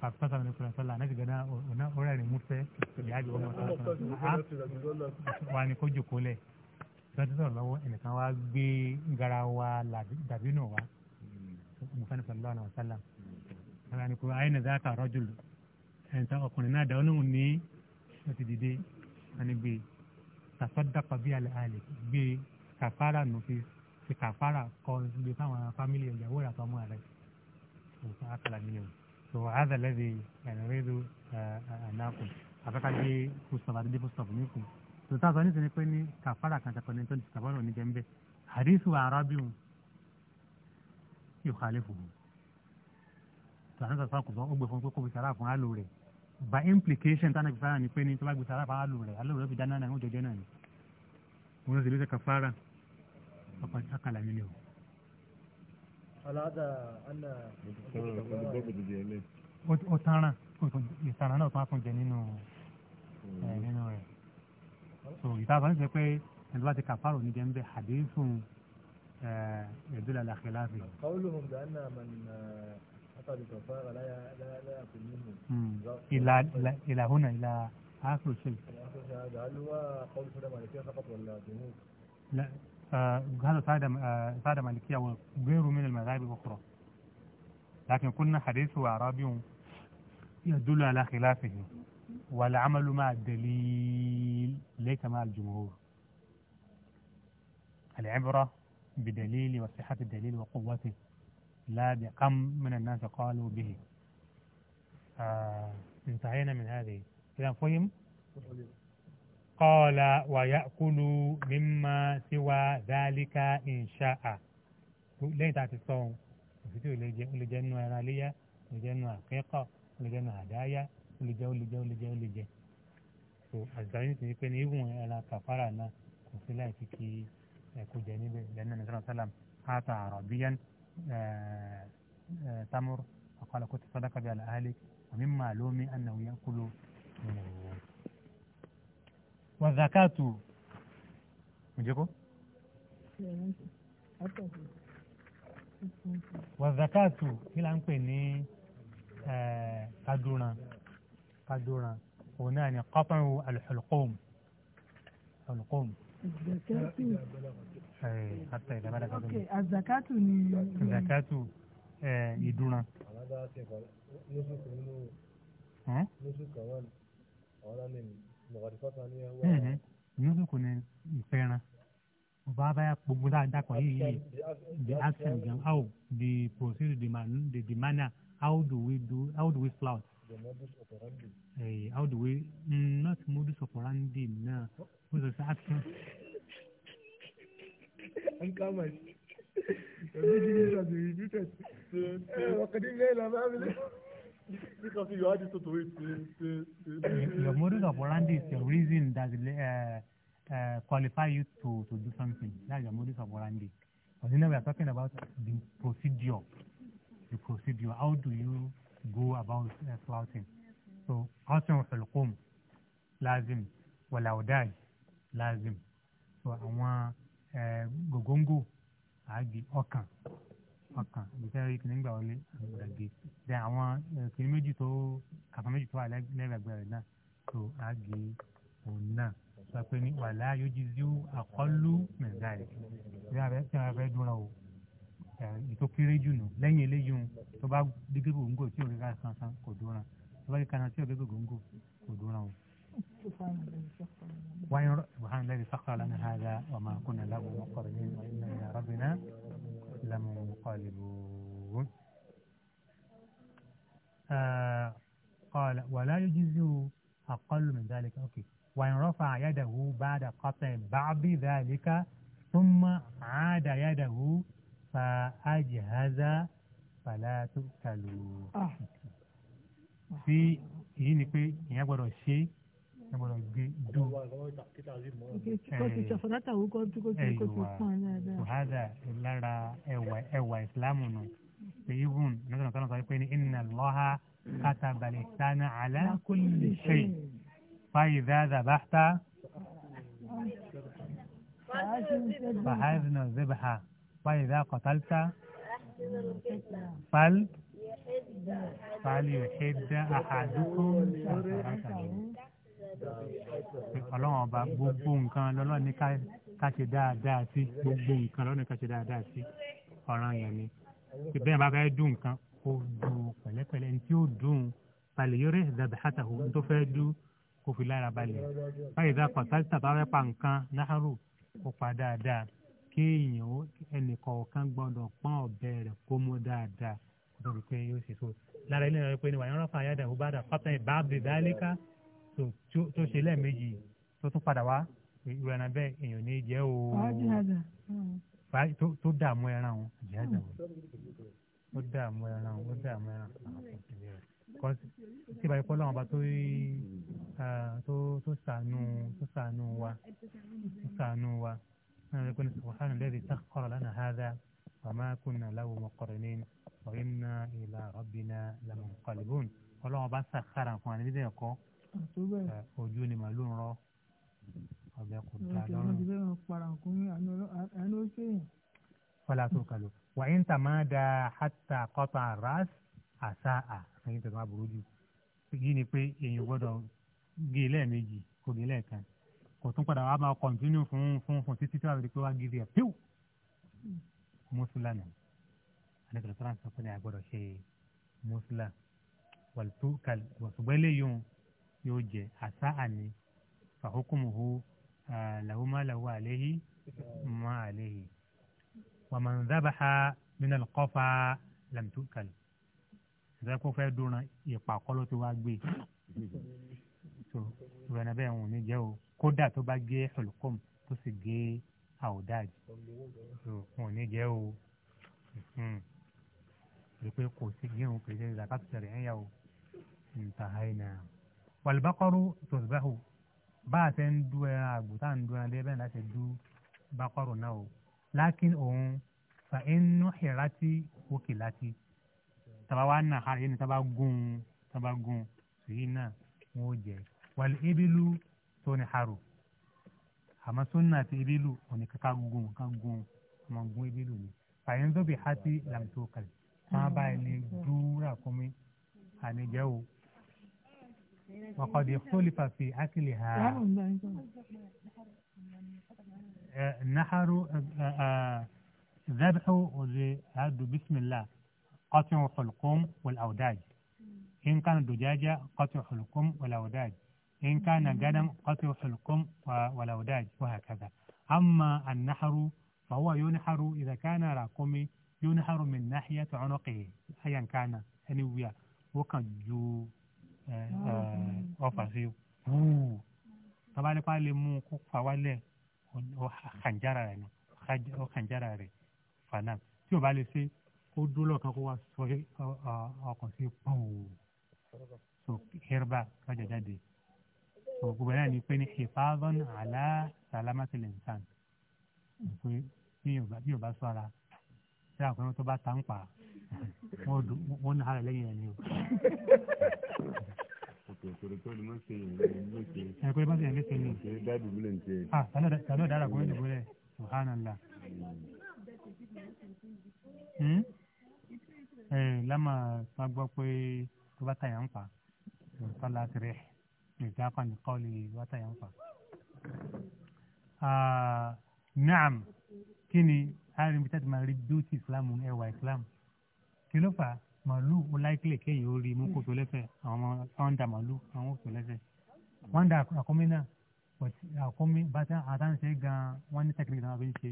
pàṣípàṣà mi kúrò sọ́la náà ti gbẹ́dá ọ̀nà ọ̀rẹ́ rẹ̀ múfẹ́ ìyá àgbẹ̀ ọmọ sọ́la wà ní kójú kólẹ̀ sọ́dà sọ̀rọ̀ lọ́wọ́ ẹnìkan wá gbé garawa dàbínú wa mufẹ́ ní sọ́la náà sálà ẹ̀ǹtà ọkùnrin náà dáwọn náà ní wọ́n ti dìde àní gbé tàfádàpà bí alẹ́ alẹ́ gbé kàfàrà nù fi fi kàfàrà kọ gbé fáwọn fámìlì ìyàwó rẹ̀ àtọmọ rẹ̀ nǹkan àkàlà nìyẹn so àádà lẹ́bi ẹ̀rẹ́dù ẹ̀nàkùn àfẹ́kàgbé fústọ̀f àti dífústọ̀f nìkùn tó tá a sọ nítorí pé ní kàfàrà kan tẹ̀kọ́ ní tó ti kàfàrà òní jẹ́ ń bẹ́ àdísù arábìrún yóò kálẹ̀ fòun tó àná sọ fún akùnfọ́n ó gbé fún pé kó fi sàrà fún àlò rẹ̀ by implication tánà kìfàrà ni pé ní tó bá gbèsè aláfa àlò rẹ̀ àlò rẹ̀ fi dáná náà ń jọjọ́ náà ni òun ló sì ló ṣe kàfàrà ọ̀pọ̀ àkàlà mi ni o. o anna. o tánràn ìtàràn o tó á tún jẹ nínú nínú rẹ̀ so ìtàbà ń sọ pé ẹni tó bá ti kàfàrà ò ní jẹ́ ń bẹ́ àdéhùn ẹ̀ẹ́dúlà làkẹ́lá fi. kàwé lóhùn gbà ń nà àmàlì náà. إلى إلى هنا إلى آخر شيء هل هو قول سادة مالكية فقط ولا جمهور؟ لا آه هذا سادة آه سادة مالكية وغيره من المذاهب الأخرى لكن قلنا حديثه أعرابي يدل على خلافه والعمل مع الدليل ليس مع الجمهور العبرة بدليل وصحة الدليل وقوته لا بكم من الناس قالوا به آه انتهينا من هذه إذا فهم قال ويأكل مما سوى ذلك إن شاء ليه تعطي الصوم وفيتو اللي جنوا غالية اللي جنوا حقيقة اللي جنوا هدايا اللي جو اللي جو اللي جو اللي جو so àgbáyé ti ní pé ní ìwọ̀n ẹ̀la kàfàrà náà kò sí láì fi kí ẹ̀kú jẹ تمر فقال كنت صدق بها أهلك ومما معلوم أنه يأكل من الناس والزكاة مجيكو والزكاة كلا أنكو إني قدونا قدونا هنا قطع الحلقوم الحلقوم Eh, hatta ìdá bàdàkà tó ní. azakatu ni. azakatu ìdúrà. àwọn bá ṣe kọ lóṣù kan nínú lóṣù kan wà the action gan how the procedure the the manner how do we do how do we flout. Eh, how do we mm, not modus operandi náà. No. What is the action? an kama shi yanzu shi ne sa zuri bitas eh, wakadin ne na you had to do your eh, modus operandi is your reason that uh, uh, qualify you to to do something that's your modus operandi but then we are talking about the procedure the procedure how do you go about uh, flouting so قاسم في القوم لازم Lazim. So, I want àgbè ọkàn ọkàn ìfẹ́rẹ́ kìíní gbà wọlé àgbè dẹ àwọn eh, kìíní méjì tó kàkà méjì tó wà lẹ́gbẹ̀gbẹ̀ rẹ̀ náà tó àgbè òun náà sọ pé ní wàhálà yóò jí zíú àkọlù mẹ̀gáàrì bí a fẹ́ tí a fẹ́ dúnra o eh, ètò kéré jù nù lẹ́yìn eléyìí tó bá dígé gòńgò tí òkè ká san san kò dúnra tó bá dígé ká san tí òkè gòńgò kò dúnra o. سبحان الذي سخر لنا هذا وما كنا له مقرنين وإنا إلى ربنا لمنقلبون آه قال ولا يجوز أقل من ذلك أوكي وإن رفع يده بعد قطع بعض ذلك ثم عاد يده فأجهز فلا تؤكلوا آه. في هنا في يقولوا شيء نقول لك دي دو وهذا ايوا اسلامنا سيبون نقول كانوا ان الله كتب الاحسان على كل شيء فاذا ذبحت فحزن الذبحه فاذا قتلت فل فليحد احدكم شهرته ọlọ́run ọba gbogbo nǹkan lọ́lọ́run ní ká ṣe dáadáa sí gbogbo nǹkan lọ́lọ́run ní ká ṣe dáadáa sí ọ̀ràn yẹn ni bẹ́ẹ̀ bá fẹ́ dùn nǹkan kó dùn pẹ̀lẹ́pẹ̀lẹ́ ní tí ó dùn balẹ̀ yóò rí dàbíhàtàhù tó fẹ́ dùn kó fi lára balẹ̀ báyìí dá pàtàkì bá fẹ́ pa nǹkan náhàrù kó pa dáadáa kéèyàn ó ẹnìkọ̀ọ̀kan gbọ́dọ̀ pọ́n ọ̀bẹ rẹ̀ kó mú dáadáa lórí pé yóò ṣe so lára ilé rẹ̀ pé ni wàá yọ̀rọ̀ fà yàdà ó pátá ìbáàbì dálíkà tó ṣe lẹ́ẹ̀mejì tó tún padà wá irú ẹran bẹ́ẹ̀ èèyàn ní jẹ́ o tó dààmú ẹran o jihada o ó dààmú ẹran o ó dààmú ẹran tí ìbáyìí pọ́lọ́ àwọn ọba tó tó sànù tó sànù wa tó sànù wa náà lè kọ́ni subhana alladhi sakhkhara lana hadha wa ma kunna lahu muqrinin wa inna ila rabbina lamunqalibun ọlọ́wọ́n bá sàkárà fún wa níbi ẹ̀kọ́ ojú ni màálù ń rọ ọbẹ kò dá lọ́rùn. fọlá tó kàlù wàyí ń tàmá da hàtà kọ́tà ras àṣà à ẹ̀yìn tẹ̀sán aburú jù yìí ni pé èèyàn gbọ́dọ̀ gé lẹ́ẹ̀mejì kò gé lẹ́ẹ̀kan kò tún padà wà máa kọ̀ntínú fún fún fún títí tí wàá fi pé wàá gé díẹ̀ píw mùsùlùmí alẹ́kẹ̀lẹ́ tó rà ń sọ pé ní àgbọ̀dọ̀ ṣe mùsùlùmí wàlùtù kàlù wàṣùgbọ́n eléyìí yóò jẹ àṣà àní fàhókùmùhù làwùmá làwù àléhi má àléhi wàmàǹdàbàhà min al-qafa lam tu'kal ìdájọ́ kó fẹ́ dúnra ìpà kọ́ló tí wàá gbé so ìrànà bẹ́ẹ̀ wọn ò ní jẹ́ o kódà tó bá gé hulqum tó sì gé àwòdáàjì so wọn ní jẹ́ o hmm. rí kò sí gé òun kì í ṣe zakat sẹ̀rẹ̀ ẹ̀yà o nta haina wàlùbákọ́rù tòṣìbáhù bá a ṣe ń du ẹran àgbò tá à ń du du bákọ́rù náà o lákìn òun fa inú xìrátì òkè láti tàbá wa nà ha yẹn tàbá gún tàbá gún sùyí náà wọn ò jẹ ibilu tó ní haru àmọ́ sunna àti ibilu òní ká gún ká gún ọmọ gún ibilu ni fa inú tó bi hati lamtó kàlí wọn bá yẹn lè dúró àkómi وقد اختلف في أكلها نحر ذبح هذا بسم الله قطع حلقوم والأوداج إن كان دجاجة قطع حلقوم والأوداج إن كان قدم قطع حلقوم والأوداج وهكذا أما النحر فهو ينحر إذا كان راكمي ينحر من ناحية عنقه أيا كان أنويا يعني وكان جو ọfà sí wúù tabalẹ́pá lè mú kó fà wálẹ̀ ọ̀hànjára rẹ̀ ọ̀hànjára rẹ̀ fànà tí o bá lè ṣe ó dúró kan kó wá sọ ọkàn sí pọ́ùn so herba lọ́jà jáde so gbogbo náà ni pé ní ìfáàgọ́n àlá sàlámàtì lẹ́ǹtàn pé bí o bá sọ ara tí àkọ́nà tó bá ta ń pa á wọ́n ní ara lẹ́yìn ẹni o. Òkèèrè tó ni mo ṣe ìrìn ló ṣe. Ẹ̀kọ́ ibà ti yàn lẹ́sẹ̀ ni. Ṣé dáàbò mi lè ń ṣe? Ah, tàló dára kó ìdìbò subhanallah. Ẹ hmm? eh, lámà bá gbọ́ pé tó bá tàyà ń pa, sọ́lá ti rẹ̀, ìjà pa ní kọ́ọ̀lì bá tàyà ń pa. Ah, naam, kí ni a rí mi tẹ́tí máa rí bíútì Islam. ẹwà ìsìlámù? kí ló fà á màálù ó láìpẹ́ kéyìí ó rí mú kó tó lẹ́sẹ̀ àwọn ọ̀ǹda màálù àwọn ò tó lẹ́sẹ̀ wọ́n da àkómi náà àkómi bàtà àtàǹṣe gan wọ́n ní tẹ́kìlì náà fi ń ṣe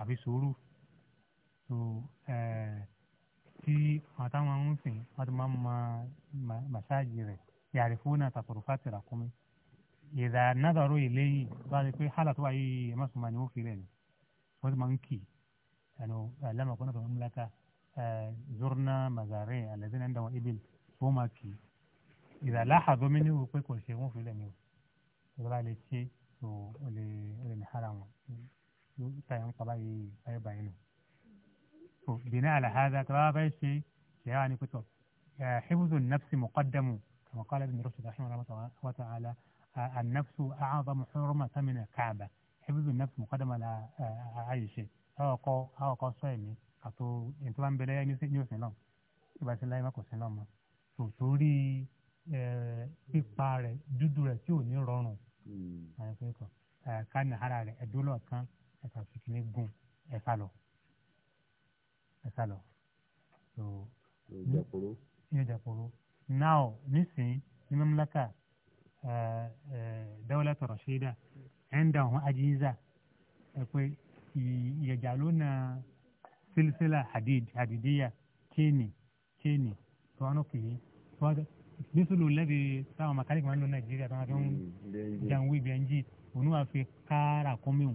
àfi sòrò tó eh, tí àtàwọn ń sìn wọ́n máa ma màsáàjì rẹ̀ yàrá fún náà tàkùrù àkómi ìdá nàdàrú ìléyìí bá a ti pé hálà tó wà yìí ẹ̀ má sùn máa ní ó fi rẹ̀ ni wọ́n ti máa ń kì í زرنا مزارع الذين عندهم إبل فوماكي إذا لاحظوا مني وكويك وشيء في لي شيء ولي ولنحرم تايم قبائي أي بعينه بناء على هذا ترى بأي شيء يعني كتب حفظ النفس مقدم كما قال ابن رشد رحمه الله تعالى النفس أعظم حرمة من الكعبة حفظ النفس مقدم على أي شيء هو قو هو قو àtò ẹni tó bá ń bẹ lẹ́yà ní òsín náà tí ìbá ti láyé má kò sí náà mọ́ tò torí pípa rẹ̀ dúdú rẹ̀ tí ò ní rọrùn hmm. ká ní ara rẹ̀ ẹ̀dùn lọ kan ẹ̀ka fìkìní gùn ẹ̀ka lọ ẹ̀ka lọ. yóò jàpòrò náà nísìnyí ní mamlaka dawla rashida ẹ̀ ń dà wọ́n ajíniza ẹ̀ pé ìyẹ̀jà lónà. سلسلة حديد حديدية كيني كيني توانو كي فاد بسلو الذي سام مكانك ما لنا جيري أنا جون جانوي بينجي ونوا في كارا كوميو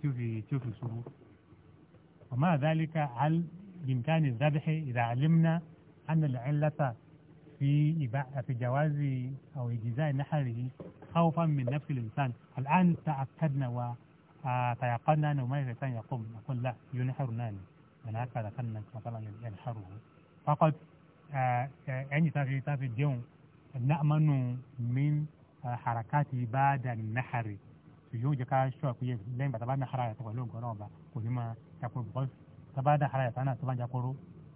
تشوفي تشوفي شو وما ذلك هل بإمكان الذبح إذا علمنا أن العلة في إباء في جوازي أو إجزاء نحره خوفا من نفس الإنسان الآن تأكدنا و فيقنا أنه ما الإنسان يقوم نقول لا ينحر ناني من هكذا كان مثلا ينحره فقط عندي تافي تافي اليوم نأمن من حركات بعد النحر yóò jẹ ká ṣọ́ àpéyẹ lẹ́yìn bàtà bá ní ara yàtọ̀ pẹ̀lú nǹkan náà bá kò ní máa jakoro bọ́s tá bá dá ara yàtọ̀ náà tó bá jakoro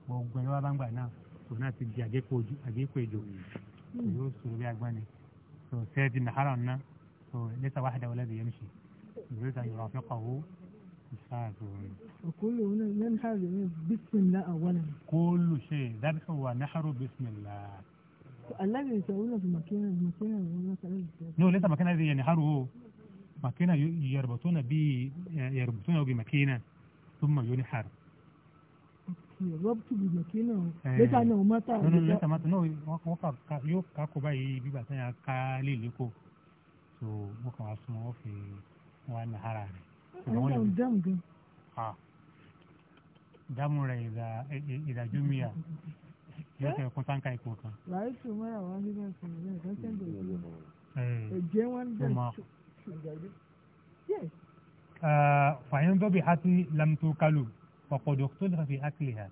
gbogbo ẹni wá bá ń gbà náà kò náà ti di àgékò ìjò yóò sọ̀rọ̀ bí agbọ́ni tó sẹ́ẹ̀dì nàhárà náà tó lẹ́sà wáhàdà wọlé bìyẹn ṣe. يريد أن يرافقه مسافر وكله ينحر بسم الله أولا كل شيء ذبح ونحر بسم الله الذي يسألون في مكان مكان نو ليس مكان الذي ينحره مكان يربطون به يربطونه بمكينة ثم ينحر rọ́bùtù bìbẹ̀ kí náà lẹ́tà náà mọ́tà. nínú lẹ́tà mọ́tà náà wọ́n fà yóò kákó báyìí bíbà sẹ́yìn ká lè lékò so wọ́n kàn wá súnmọ́ wọ́n fi wọn hara. ara rẹ̀. àwọn ọ̀dọ́ dáàmù gan. dáàmù rẹ̀ ìdájọ́míyà yóò fẹ́ kó sáńkà ipò kan. láì sùn mọ́ra wọn nígbà kan náà kan sẹ́ńdọ̀ ìlú. ẹ̀jẹ̀ wọn bẹ̀rẹ̀ ṣùgbọ́n. fàyín dọ́bì hati lamtukalu ọ̀pọ̀dọ̀ tó lè fi akili ha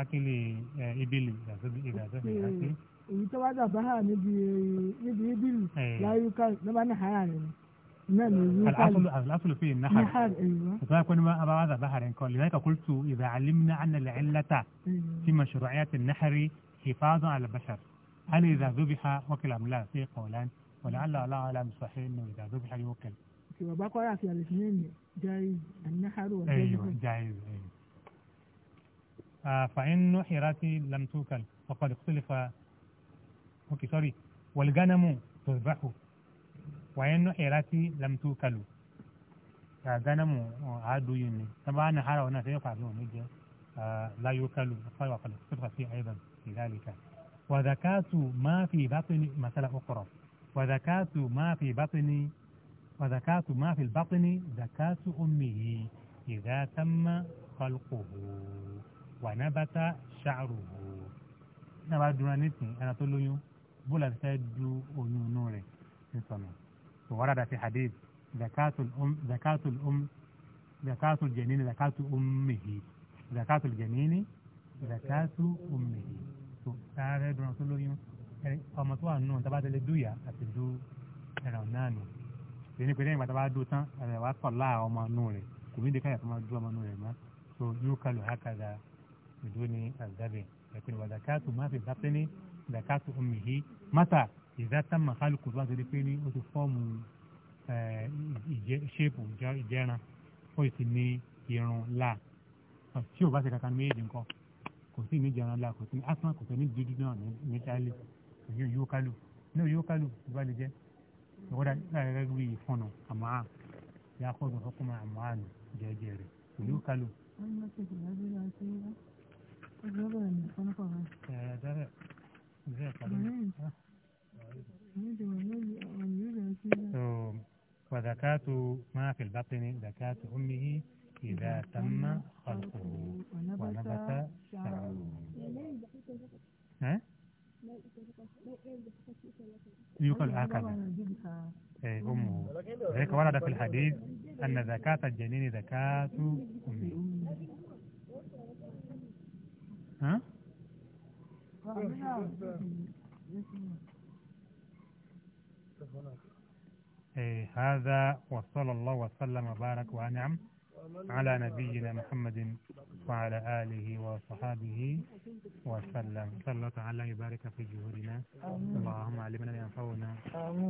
akili ibili ìdásọ́bì hati. èyí tó wá dàbá hà níbi ibili láyé ká lọ́ba ní hàrá rẹ̀ نعم، الأصل الأصل فيه النحر نحر أيوة فكان ما هذا بحر يعني قال لذلك قلت إذا علمنا أن العلة أيوة. في مشروعية النحر حفاظا على البشر هل إذا ذبح وكل أم لا في قولان ولعل الله أعلم صحيح أنه إذا ذبح يوكل وبقرة في الاثنين جائز النحر أيوة جائز أيوة آه، فإن نحرت لم توكل فقد اختلف اوكي سوري والغنم تذبحه wayanno erati لم tukalu ya ganamu adu yuni طبعا hara wana sayo fa no nije la yukalu fa wa qala ايضا في ذلك وذكات ما في بطن مثلا اخرى وذكات ما في بطني وذكات ما في البطن ذكات امه اذا تم خلقه ونبت شعره نبات دونانيتي انا تقول له بولا سيدو ونوري نصنع ورد في حديث زكاة الأم زكاة الأم زكاة الجنين زكاة أمه زكاة الجنين زكاة أمه sáré dùn tó lóyún ọmọ tó wà nù tábà tẹlẹ dùyà àti du ẹran náà nù lẹ́yìn pé lẹ́yìn pàtàkì dùn tán ẹ̀rẹ̀ wá tọ̀ láà ọmọ nù rẹ̀ kò ní dèkà yà tó máa du ọmọ nù rẹ̀ mọ́ tó yóò kalu hakada ìdúró ní azabe ẹ̀kọ́ ni wàdàkàtù má fi bàtẹ́ni dàkàtù omihi mátà ìzátàmà kálukú bá ti di pé ní o ti fọ́ọ̀mù ṣéèpù ìjẹran ó sì ní irun là tí o bá ti kankan méjì nǹkan kò sí ní ìjẹran là kò sí ní asán kò sí ní dúdú náà ní tálẹ̀ òye yóò kálù ní òye yóò kálù ìbá lè jẹ́ ìwọ́dà gẹ́gẹ́ bí ìfọ̀nà àmọ́ yà kọ́ ọdún fọkùnrin àmọ́ jẹ́jẹ́ rẹ̀ òye yóò kálù. Gracias. آه، وذكاة ما في البطن ذكاة أمه إذا تم خلقه ونبت شعره ها؟ يقال هكذا إيه، أمه ذلك ورد في الحديث أن زكاة الجنين زكاة أمه ها؟ إيه، هذا وصلى الله وسلم وبارك وأنعم على نبينا محمد وعلى آله وصحابه وسلم صلى الله تعالى يبارك في جهودنا اللهم علمنا ما ينفعنا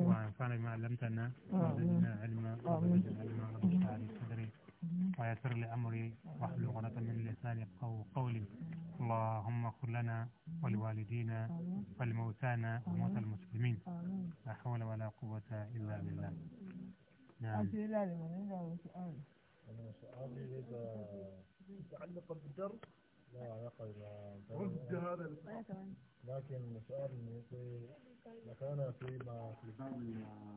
وانفعنا بما علمتنا وزدنا علما وزدنا علما رب العالمين ويسر لأمري واحلل عقدة من لساني يفقهوا قولي اللهم اغفر لنا ولوالدينا ولموتانا وموتى المسلمين لا حول ولا قوة إلا بالله نعم سؤالي تعلق بالدرس لا علاقة هذا لكن سؤالي إذا كان فيما في باب